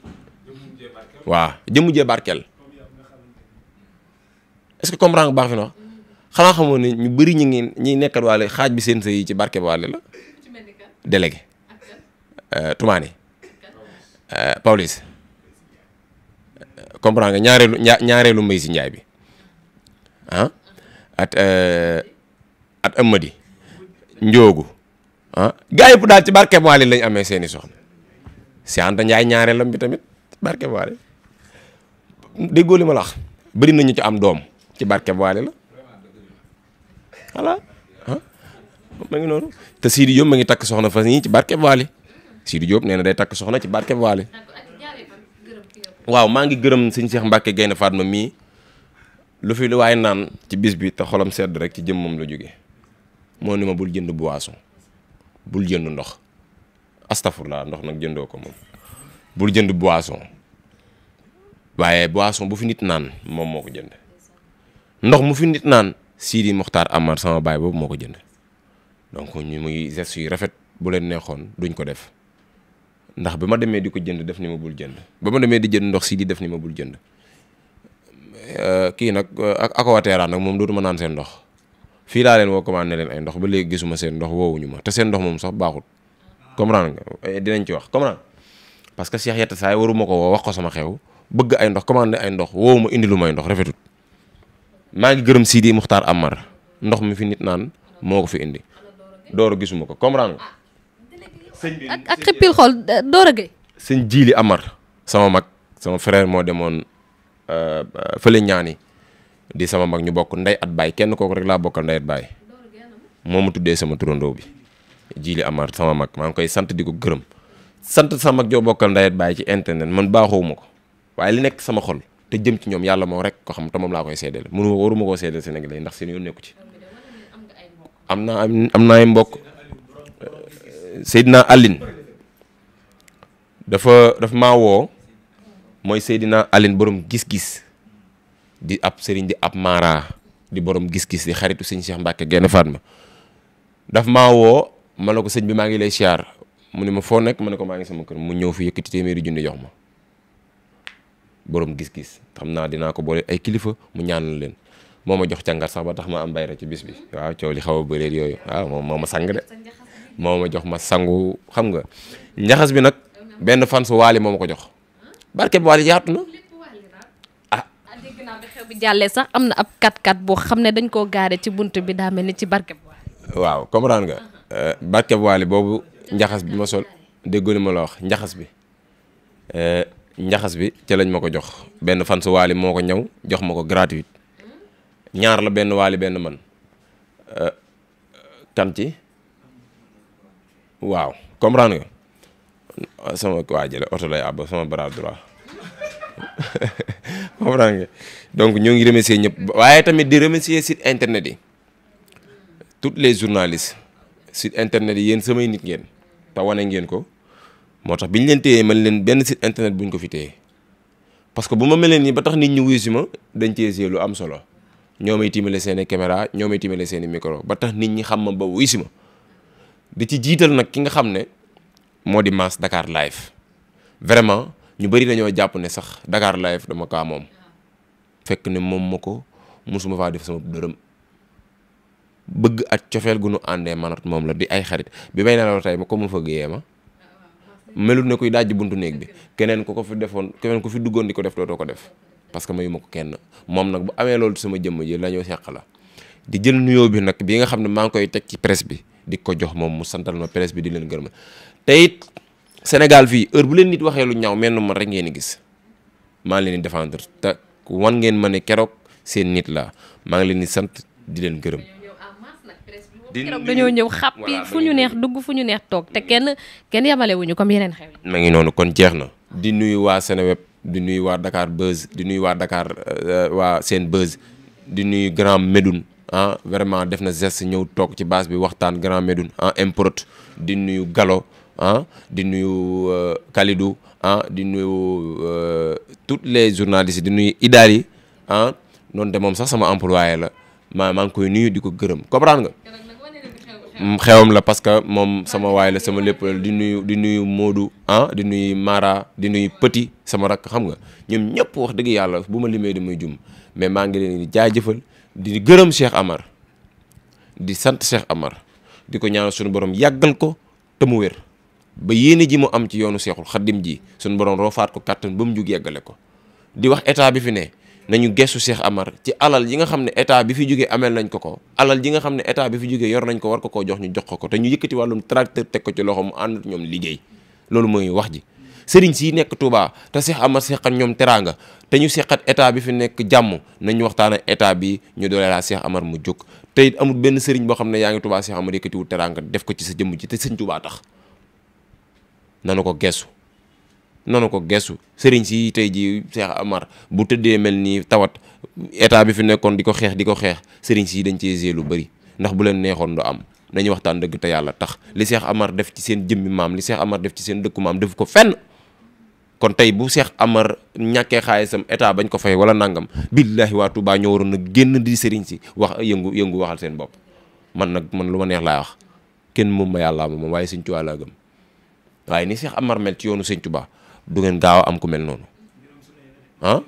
waaw jëmu jee barkeel est-ce que comprendre bu baax fi na xanaa xamoon ne ñu bëri ñu ngi ñuy nekkat waale xaaj bi seen say yi ci barke waale la délégué euh, Toumani euh, Paulis comprendre nga ñaareelu ñaareelu mbay si njaay bi ah at euh, at njoogu ah gaa yëpp daal ci barkeb Waly lañ amee seeni soxna si Anta Ndiaye ñaareelam bi tamit barkeb Waly déggoo li ma la wax ci am doom ci barkeb Waly la voilà ah ma ngi noonu te Sidi Diop ma ngi takk soxna fa yii ci barkeb Waly Sidi Diop nee na day takk soxna ci barkeb Waly waaw maa ngi gërëm sëñ Cheikh Mbacke Gaynde Fatma mii lu fi lu waaye naan ci bis bi te xolam sedd rek ci jëmmam la jóge moo ni ma bul jënd boisson bul jënd ndox astafurlaa ndox nag jëndoo ko moom bul jënd boisson waaye boisson bu fi nit naan moom moo ko jënd ndox mu fi nit naan Sidi Mokhtar Amar sama baay boobu moo ko jënd donc ñu muy gestes yu rafet bu leen neexoon duñ ko def ndax ba ma demee di ko jënd def ni ma bul jënd ba ma demee di jënd ndox Sidi def ni ma bul jënd euh, kii nag ak Aquaterra nag moom dootuma naan seen ndox. fii laa leen woo commandé ay ndox ba léegi gisuma seen ndox woowuñu ma te seen ndox moom sax baaxut comprendre nga eh, dinañ ci wax comprendre parce que Cheikh Yatta Saay waruma ko woo wax ko sama xew bëgg ay ndox commandé ay ndox woowuma indi lu may ndox rafetut maa ngi gërëm Sidi Muxtaar Amar ndox mi fi nit naan moo ko fi indi Doro gisuma ko comprendre nga. sëñ bi ak ak xippil xool eh, Doro Gueye. sëñ Jiili Amar sama mag sama frère moo demoon euh, euh, fële ñaani di sama mag ñu bokk nday at baay kenn kooku rek laa bokkal nday baay moo ma tuddee sama turandoo bi Jili Amar sama mag maa ngi koy sant di ko gërëm sant sama mag joo bokkal nday baay ci internet man baaxoowuma ko waaye li nekk sama xol te jëm ci ñoom yàlla moom rek ko xam te moom laa koy seedeel mënu ma waruma koo seedeel Sénégalais ndax seen yoon nekku ci am naa am naa ay mbokk Seydina Aline dafa dafa maa woo mooy Seydina Aline borom gis-gis di ab sëriñ di ab maara di borom gis-gis di xaritu sëñ Cheikh Mbacke genn Fatma daf maa woo ma ne ko sëñ bi maa ngi lay siyaar mu ne ma foo nekk ma ne ko maa ngi sama kër mu ñëw fi yëkkati téeméeri junni jox ma borom gis-gis xam naa dinaa ko boole ay kilifa mu ñaanal leen moo ma jox càngar sax ba tax ma am bayra ci bis bi waaw coow li xaw a bëreet yooyu waaw moom moo ma sang de moo ma jox ma sangu xam nga njaxas bi nag benn fan su waali moo ma ko jox barke bi waali yaatu na oto jàllee sax am na ab 4 x boo xam ne dañ koo gaare ci bunt bi daa mel ni ci barkeb waali waaw comprendre nga euh, barkeb waali boobu njaxas bi ma sol déggoo ma la wax njaxas bi euh, njaxas bi ci lañ ma ko jox benn fan su waali moo ko ñëw jox ma ko gratuite ñaar la benn waali benn man euh, kan ci waaw comprendre nga sama waa jële oto lay àbb sama bras droit comprendre nga donc ñoo ngi remercier ñëpp waaye tamit di remercier site internet yi tout les journalistes site internet yi yéen samay nit ngeen te wane ngeen ko moo tax bi ñu leen téyee man leen benn site internet ñu ko fi téye parce que bu ma meleen nii ba tax nit ñi wuyu si ma dañ cee lu am solo ñoo may timale seen i caméra ñoo may timale seen i micro ba tax nit ñi xam ma ba wuyu si ma di ci jiital nag ki nga xam ne moo di Mass Dakar live vraiment ñu bëri dañoo jàpp ne sax Dakar live dama kaa moom. fekk ni moom ma ko musuma faa def sama dërëm bëgg ak cofeel gu nu àndee man ak moom la di ay xarit bi may nelaw tey ma ko mu fa ma melut ne kuy dajji buntu néeg bi keneen ku ko fi defoon keneen ku fi duggoon di ko def dootoo ko def parce que mayu ma ko kenn moom nag bu amee loolu sama jëmm ji la seq la di jël nuyoo bi nag bi nga xam ne maa ngi koy teg ci presse bi di ko jox moom mu santal ma presse bi di leen gërëm te it Sénégal fii heure bu leen nit waxee lu ñaaw mel na man rek ngeen di gis maa leen di défendre te wan ngeen ma ne keroog seen nit la maa ngi leen di sant di leen gërëm. keroog dañoo ñëw xàppi fu ñu neex dugg fu ñu neex toog te kenn kenn yamale wuñu comme yeneen xew ma ngi noonu kon jeex na. di nuyu waa Seneweb di nuyu waa Dakar Buzz di nuyu waa Dakar euh, waa seen Buzz di nuyu Grand Médoune ah vraiment def na geste ñëw toog ci base bi waxtaan Grand Médoune ah Improt di nuyu Gallo ah di nuyu euh, Kalidou. ah di nuyu euh, toutes les journalistes di nuy idaal yi ah, noonu de moom sax sama employé la maa maa ngi koy nuyu di ko gërëm comprendre nga. Mm, xewam la parce que moom sama waay la sama lépp di nuyu di nuyu Modou ah di nuyu Mara di nuyu Petit sama rakk xam nga ñoom ñëpp wax dëgg yàlla bu ma limee damay jum mais maa ngi leen di jaajëfal di gërëm Cheikh Amar di sant Cheikh Amar di ko ñaanal suñu borom yàggal ko te mu wér. ba yéene ji mu am ci yoonu seexul xaddim ji suñ borom roofaat ko kàttan ba mu jug yeggale ko di wax état bi fi ne nañu gestu Cheikh Amar ci alal yi nga xam ne état bi fi jógee amel nañ ko ko alal ji nga xam ne état bi fi jógee yor nañ ko war ko koo jox ñu jox ko te ñu yëkkati wàllum tracteur teg ko ci loxo mu ànd ñoom liggéey loolu mooy wax ji sëriñ si nekk Touba te Cheikh Amar seqat ñoom teraanga te ñu seqat état bi fi nekk jàmm nañu waxtaan ak état bi ñu doole laa Cheikh Amar mu jóg te it ben benn sëriñ boo xam ne yaa ngi Touba Cheikh Amar yëkkatiwul teraanga def ko ci sa jëmm ji te sëñ tax nanu ko gestu nanu ko gestu sëriñ si tey ji Cheikh Amar bu tëddee mel nii tawat état bi fi nekkoon di ko xeex di ko xeex sëriñ si dañ cee gée lu bëri ndax bu leen neexoon du am nañu waxtaan dëgg te yàlla tax li Cheikh Amar def ci seen jëmmi maam li Cheikh Amar def ci seen dëkku maam defu ko fenn kon tey bu seex Amar ñàkkee sam état bañ ko fay wala nangam billaahi waa Touba ñoo waroon nag génn di sëriñ si wax yëngu yëngu waxal seen bopp man nag man lu ma neex laa wax kenn moom ma yàllaa moom waaye Sëriñ Tuubaa laa gëm waaye ni Cheikh Amar mel ci yoonu Sëñ Touba du ngeen gaaw am ku mel noonu ah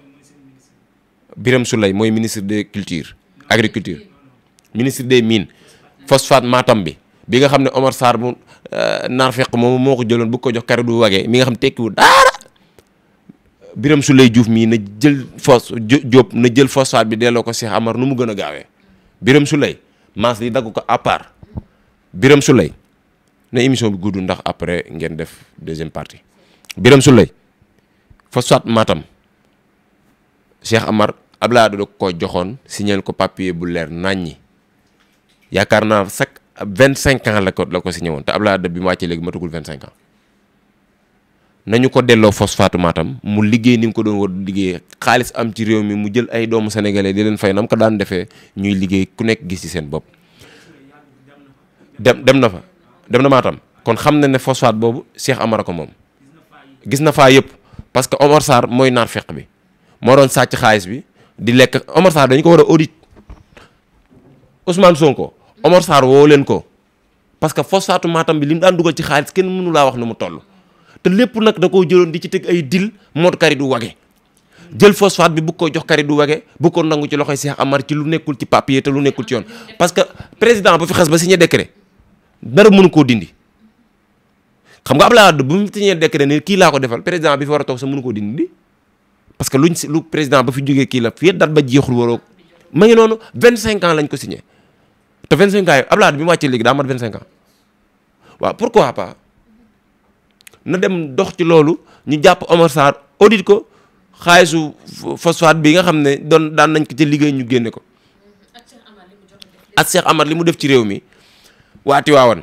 Birame Souleye mooy ministre de culture agriculture ministre des mines phosphate Matam bi bi nga xam ne Omar Sarr bu euh, naar feq moom moo ko jëloon bu ko jox kari du wagee mi nga xam tekkiwul daara Birame Souleye Diouf mii na jël phos Diop na jël phosphate bi delloo ko Cheikh Amar nu mu gën a gaawee Birame Souleye maas li dagg ko à part Birame Souleye na émission bi gudd ndax après ngeen def deuxième partie Birame Souleye phosphate Matam Cheikh Amar Abdoulaye Wade da ko joxoon signal ko papier bu leer ñi yaakaar naa chaque vingt cinq ans la ko la ko signé woon te Abdoulaye Wade bi mu wàccee léegi matagul vingt cinq ans nañu ko delloo phosphate Matam mu liggéey ni mu ko doon war liggéey xaalis am ci réew mi mu jël ay doomu sénégalais di leen fay nam ko daan defee ñuy liggéey ku nekk gis ci seen bopp dem na fa dem na Matam kon xam na ne phosphate boobu Cheikh amara ko moom gis na faa yëpp parce que Omar mooy naar feq bi moo doon sàcc xaalis bi di lekk Omar Sarr dañ ko war a audit Ousmane Sonko Omar Sarr woo leen ko parce que phosphate Matam bi li mu daan dugal ci xaalis kenn mënu wax nu mu toll te lépp nag da koo jëloon di ci teg ay dil moot kari du wage jël phosphate bi bu ko jox kari du wage bu ko nangu ci loxoy Cheikh Amar ci lu nekkul ci papier te lu nekkul ci yoon parce que président bu fi xas ba signé décret dara mënu koo dindi xam nga Abdoulaye Wade bu mu signé décret ne kii laa ko defal président bi fi war a toog sax mënu koo dindi parce que luñ lu président ba fi jógee kii la fii dat ba jeexul waroo ma ngi noonu 25 ans lañ ko signé te 25 ans yi Abdoulaye Wade bi mu wàccee léegi daa mat 25 ans waaw pourquoi pas na dem dox ci loolu ñu jàpp Omar Sarr audit xaalisu phosphate bi nga xam ne doon daan nañ ko ci liggéey ñu génne ko. ak Cheikh Amar li mu def ci réew mi. waa Tiwaawan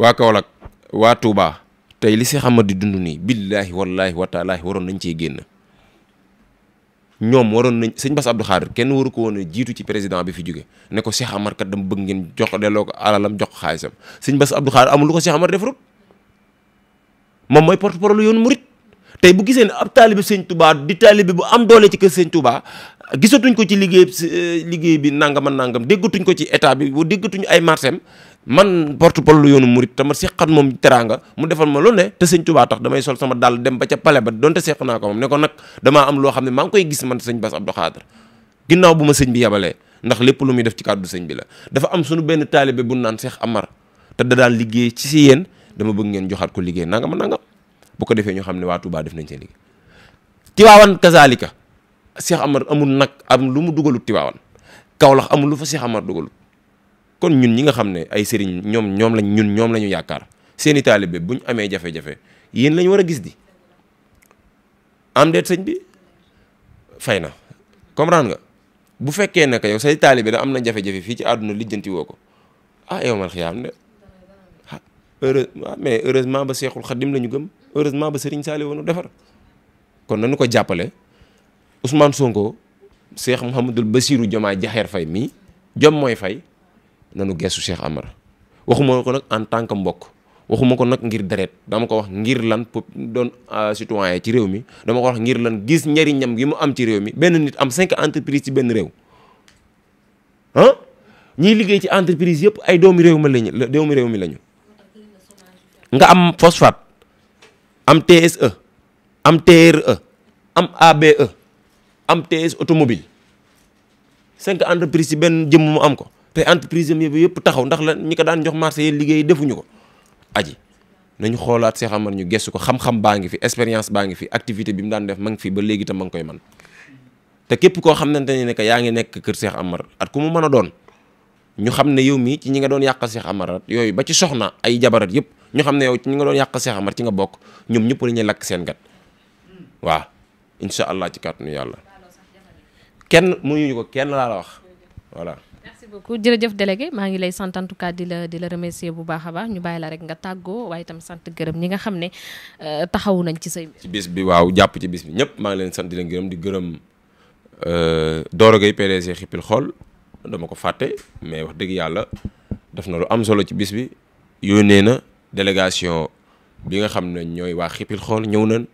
waa Kaolack waa Touba tey li si xamad di dund nii billaahi wallaahi wataalaahi waroon nañ cee génn ñoom waroon nañ sëñ Bass Abdou Khadre kenn waru ko woon jiitu ci président bi fi jóge ne ko Cheikh Amar kat dama bëgg ngeen jox delloo ko alalam jox ko xaalisam sëñ Bass Abdou Khadre amul lu ko Cheikh Amar defarut moom mooy porte parole yoonu murit tey bu gisee ne ab taalibe sëñ Touba di taalibe bu am doole ci kër sëñ Touba gisatuñ ko ci liggéey eh, liggéey bi nangam nangam déggatuñ ko ci état bi déggatuñ ay marchés man porte lu yoonu murit te ma seqat moom teraanga mu defal ma loolu ne te sëñ Tuubaa tax damay sol sama dàll dem ba ca pale ba donte seq naa ko moom ne ko nag damaa am loo xam ne maa ngi koy gis man sëñ Bass Abdou Khadre ginnaaw bu ma sëñ bi yabalee ndax lépp lu muy def ci kàddu sëñ bi la dafa am suñu benn taalibe bu naan Cheikh Amar te da liggéey ci si yéen dama bëgg ngeen joxaat ko liggéey nangam nangam bu ko defee ñu xam ne waa Touba def nañ seen liggéey Tiwaawan kazaalika Cheikh Amar amul nag am lu mu dugalut Tiwaawan Kawlax amul lu fa Cheikh Amar dugalut kon ñun ñi nga xam ne ay sëriñ ñoom ñoom lañ ñun ñoom la ñu yaakaar seeni taalibe bu ñu amee jafe-jafe yéen lañu war a gis di am deet sëñ bi fay na comprendre nga bu fekkee ne yow say taalibe da am na jafe-jafe fii ci àdduna lijjantiwoo ko ah yow man xiyaam de ah heure ba Seexul Xadim la ñu gëm heureusement ba Serigne Saliou woonu defar kon nañu ko jàppale Ousmane Sonko Cheikh Mouhamadul Bassirou jomaa Diakhar fay mii jom mooy fay nanu gestu Cheikh Amar waxuma ko nag en tant que mbokk waxuma ko nag ngir deret dama ko wax ngir lan pour doon euh, citoyen ci réew mi dama ko wax ngir lan gis njariñam gi mu am ci réew mi benn nit am cinq entreprise ci benn réew ah ñiy liggéey ci entreprise yëpp ay doomi réew mi lañu doomi réew mi lañu nga am phosphate am TSE am TRE am ABE am TS automobile cinq entreprise ci benn jëm mu am ko te entreprise am yëpp taxaw ndax la ñi ko daan jox marché yi liggéey defuñu ko aji nañu xoolaat Cheikh Amar ñu gestu ko xam-xam baa ngi fi expérience baa ngi fi activité bi mu daan def ma ngi fi ba léegi tam ma koy man te képp koo xamante ne que yaa ngi nekk kër Cheikh Amar at ku mu mën a doon ñu xam ne yow mii ci ñi nga doon yàq Cheikh Amar yooyu ba ci soxna ay jabarat yëpp ñu xam ne yow ci ñi nga doon yàq Cheikh Amar ci nga bokk ñoom ñëpp dañuy lakk seen gat waaw incha ci kàttanu yàlla kenn ko kenn laa la beaucoup jërëjëf délégué maa ngi lay sant en di la di la remercier bu baax a baax ñu bàyyi la rek nga tàggoo waaye itam sant gërëm ñi nga xam ne euh, taxawu nañ ci say ci bis bi waaw jàpp ci bis bi ñëpp maa ngi leen sant di leen gërëm di gërëm euh, Doro Gueye Xippil Xool dama ko fàtte mais wax dëgg yàlla def na lu am solo ci bis bi yónnee na délégation bi nga xam ne ñooy waa Xippil Xool ñëw nañ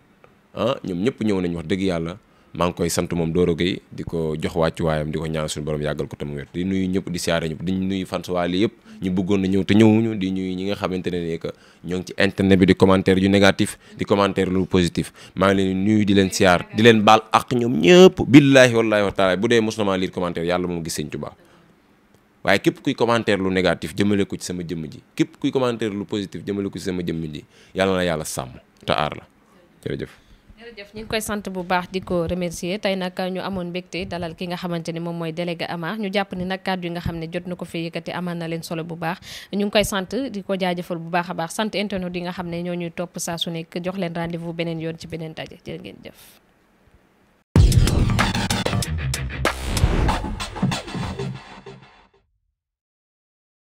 ah, ñoom ñëpp ñëw nañ wax dëgg yàlla maa ngi koy sant moom Doro Gueye di ko jox waayam di ko ñaan suñu borom yàggal ko tam wér di nuyu ñëpp di siyaare ñëpp di nuyu yëpp ñu bëggoon na ñëw te ñëwuñu di ñuy ñi nga xamante ne ni que ñoo ci internet bi di commentaire yu négatif di commentaire lu positif maa ngi leen nuyu di leen siyaar di leen baal ak ñoom ñëpp billaahi wallaahi wa bu dee mos na maa lire commentaire yàlla moom gis sëñ Tuubaa waaye képp kuy commentaire lu négatif jëmale ko ci sama jëmm ji képp kuy commentaire lu positif jëmale ko ci sama jëmm ji yàlla yàlla sàmm te aar la jërëjëf jërëjëf ñu ngi koy sant bu baax di ko remercier tey nag ñu amoon mbégte dalal ki nga xamante ni moom mooy délégué Amar ñu jàpp ni nag kàddu yi nga xam ne jot na ko fi yëkkati amal na leen solo bu baax ñu ngi koy sant di ko jaajëfal bu baax a baax sant internet yi nga xam ne ñoo ñuy topp saa su nekk jox leen rendez-vous beneen yoon ci beneen daje jërë ngeen jëf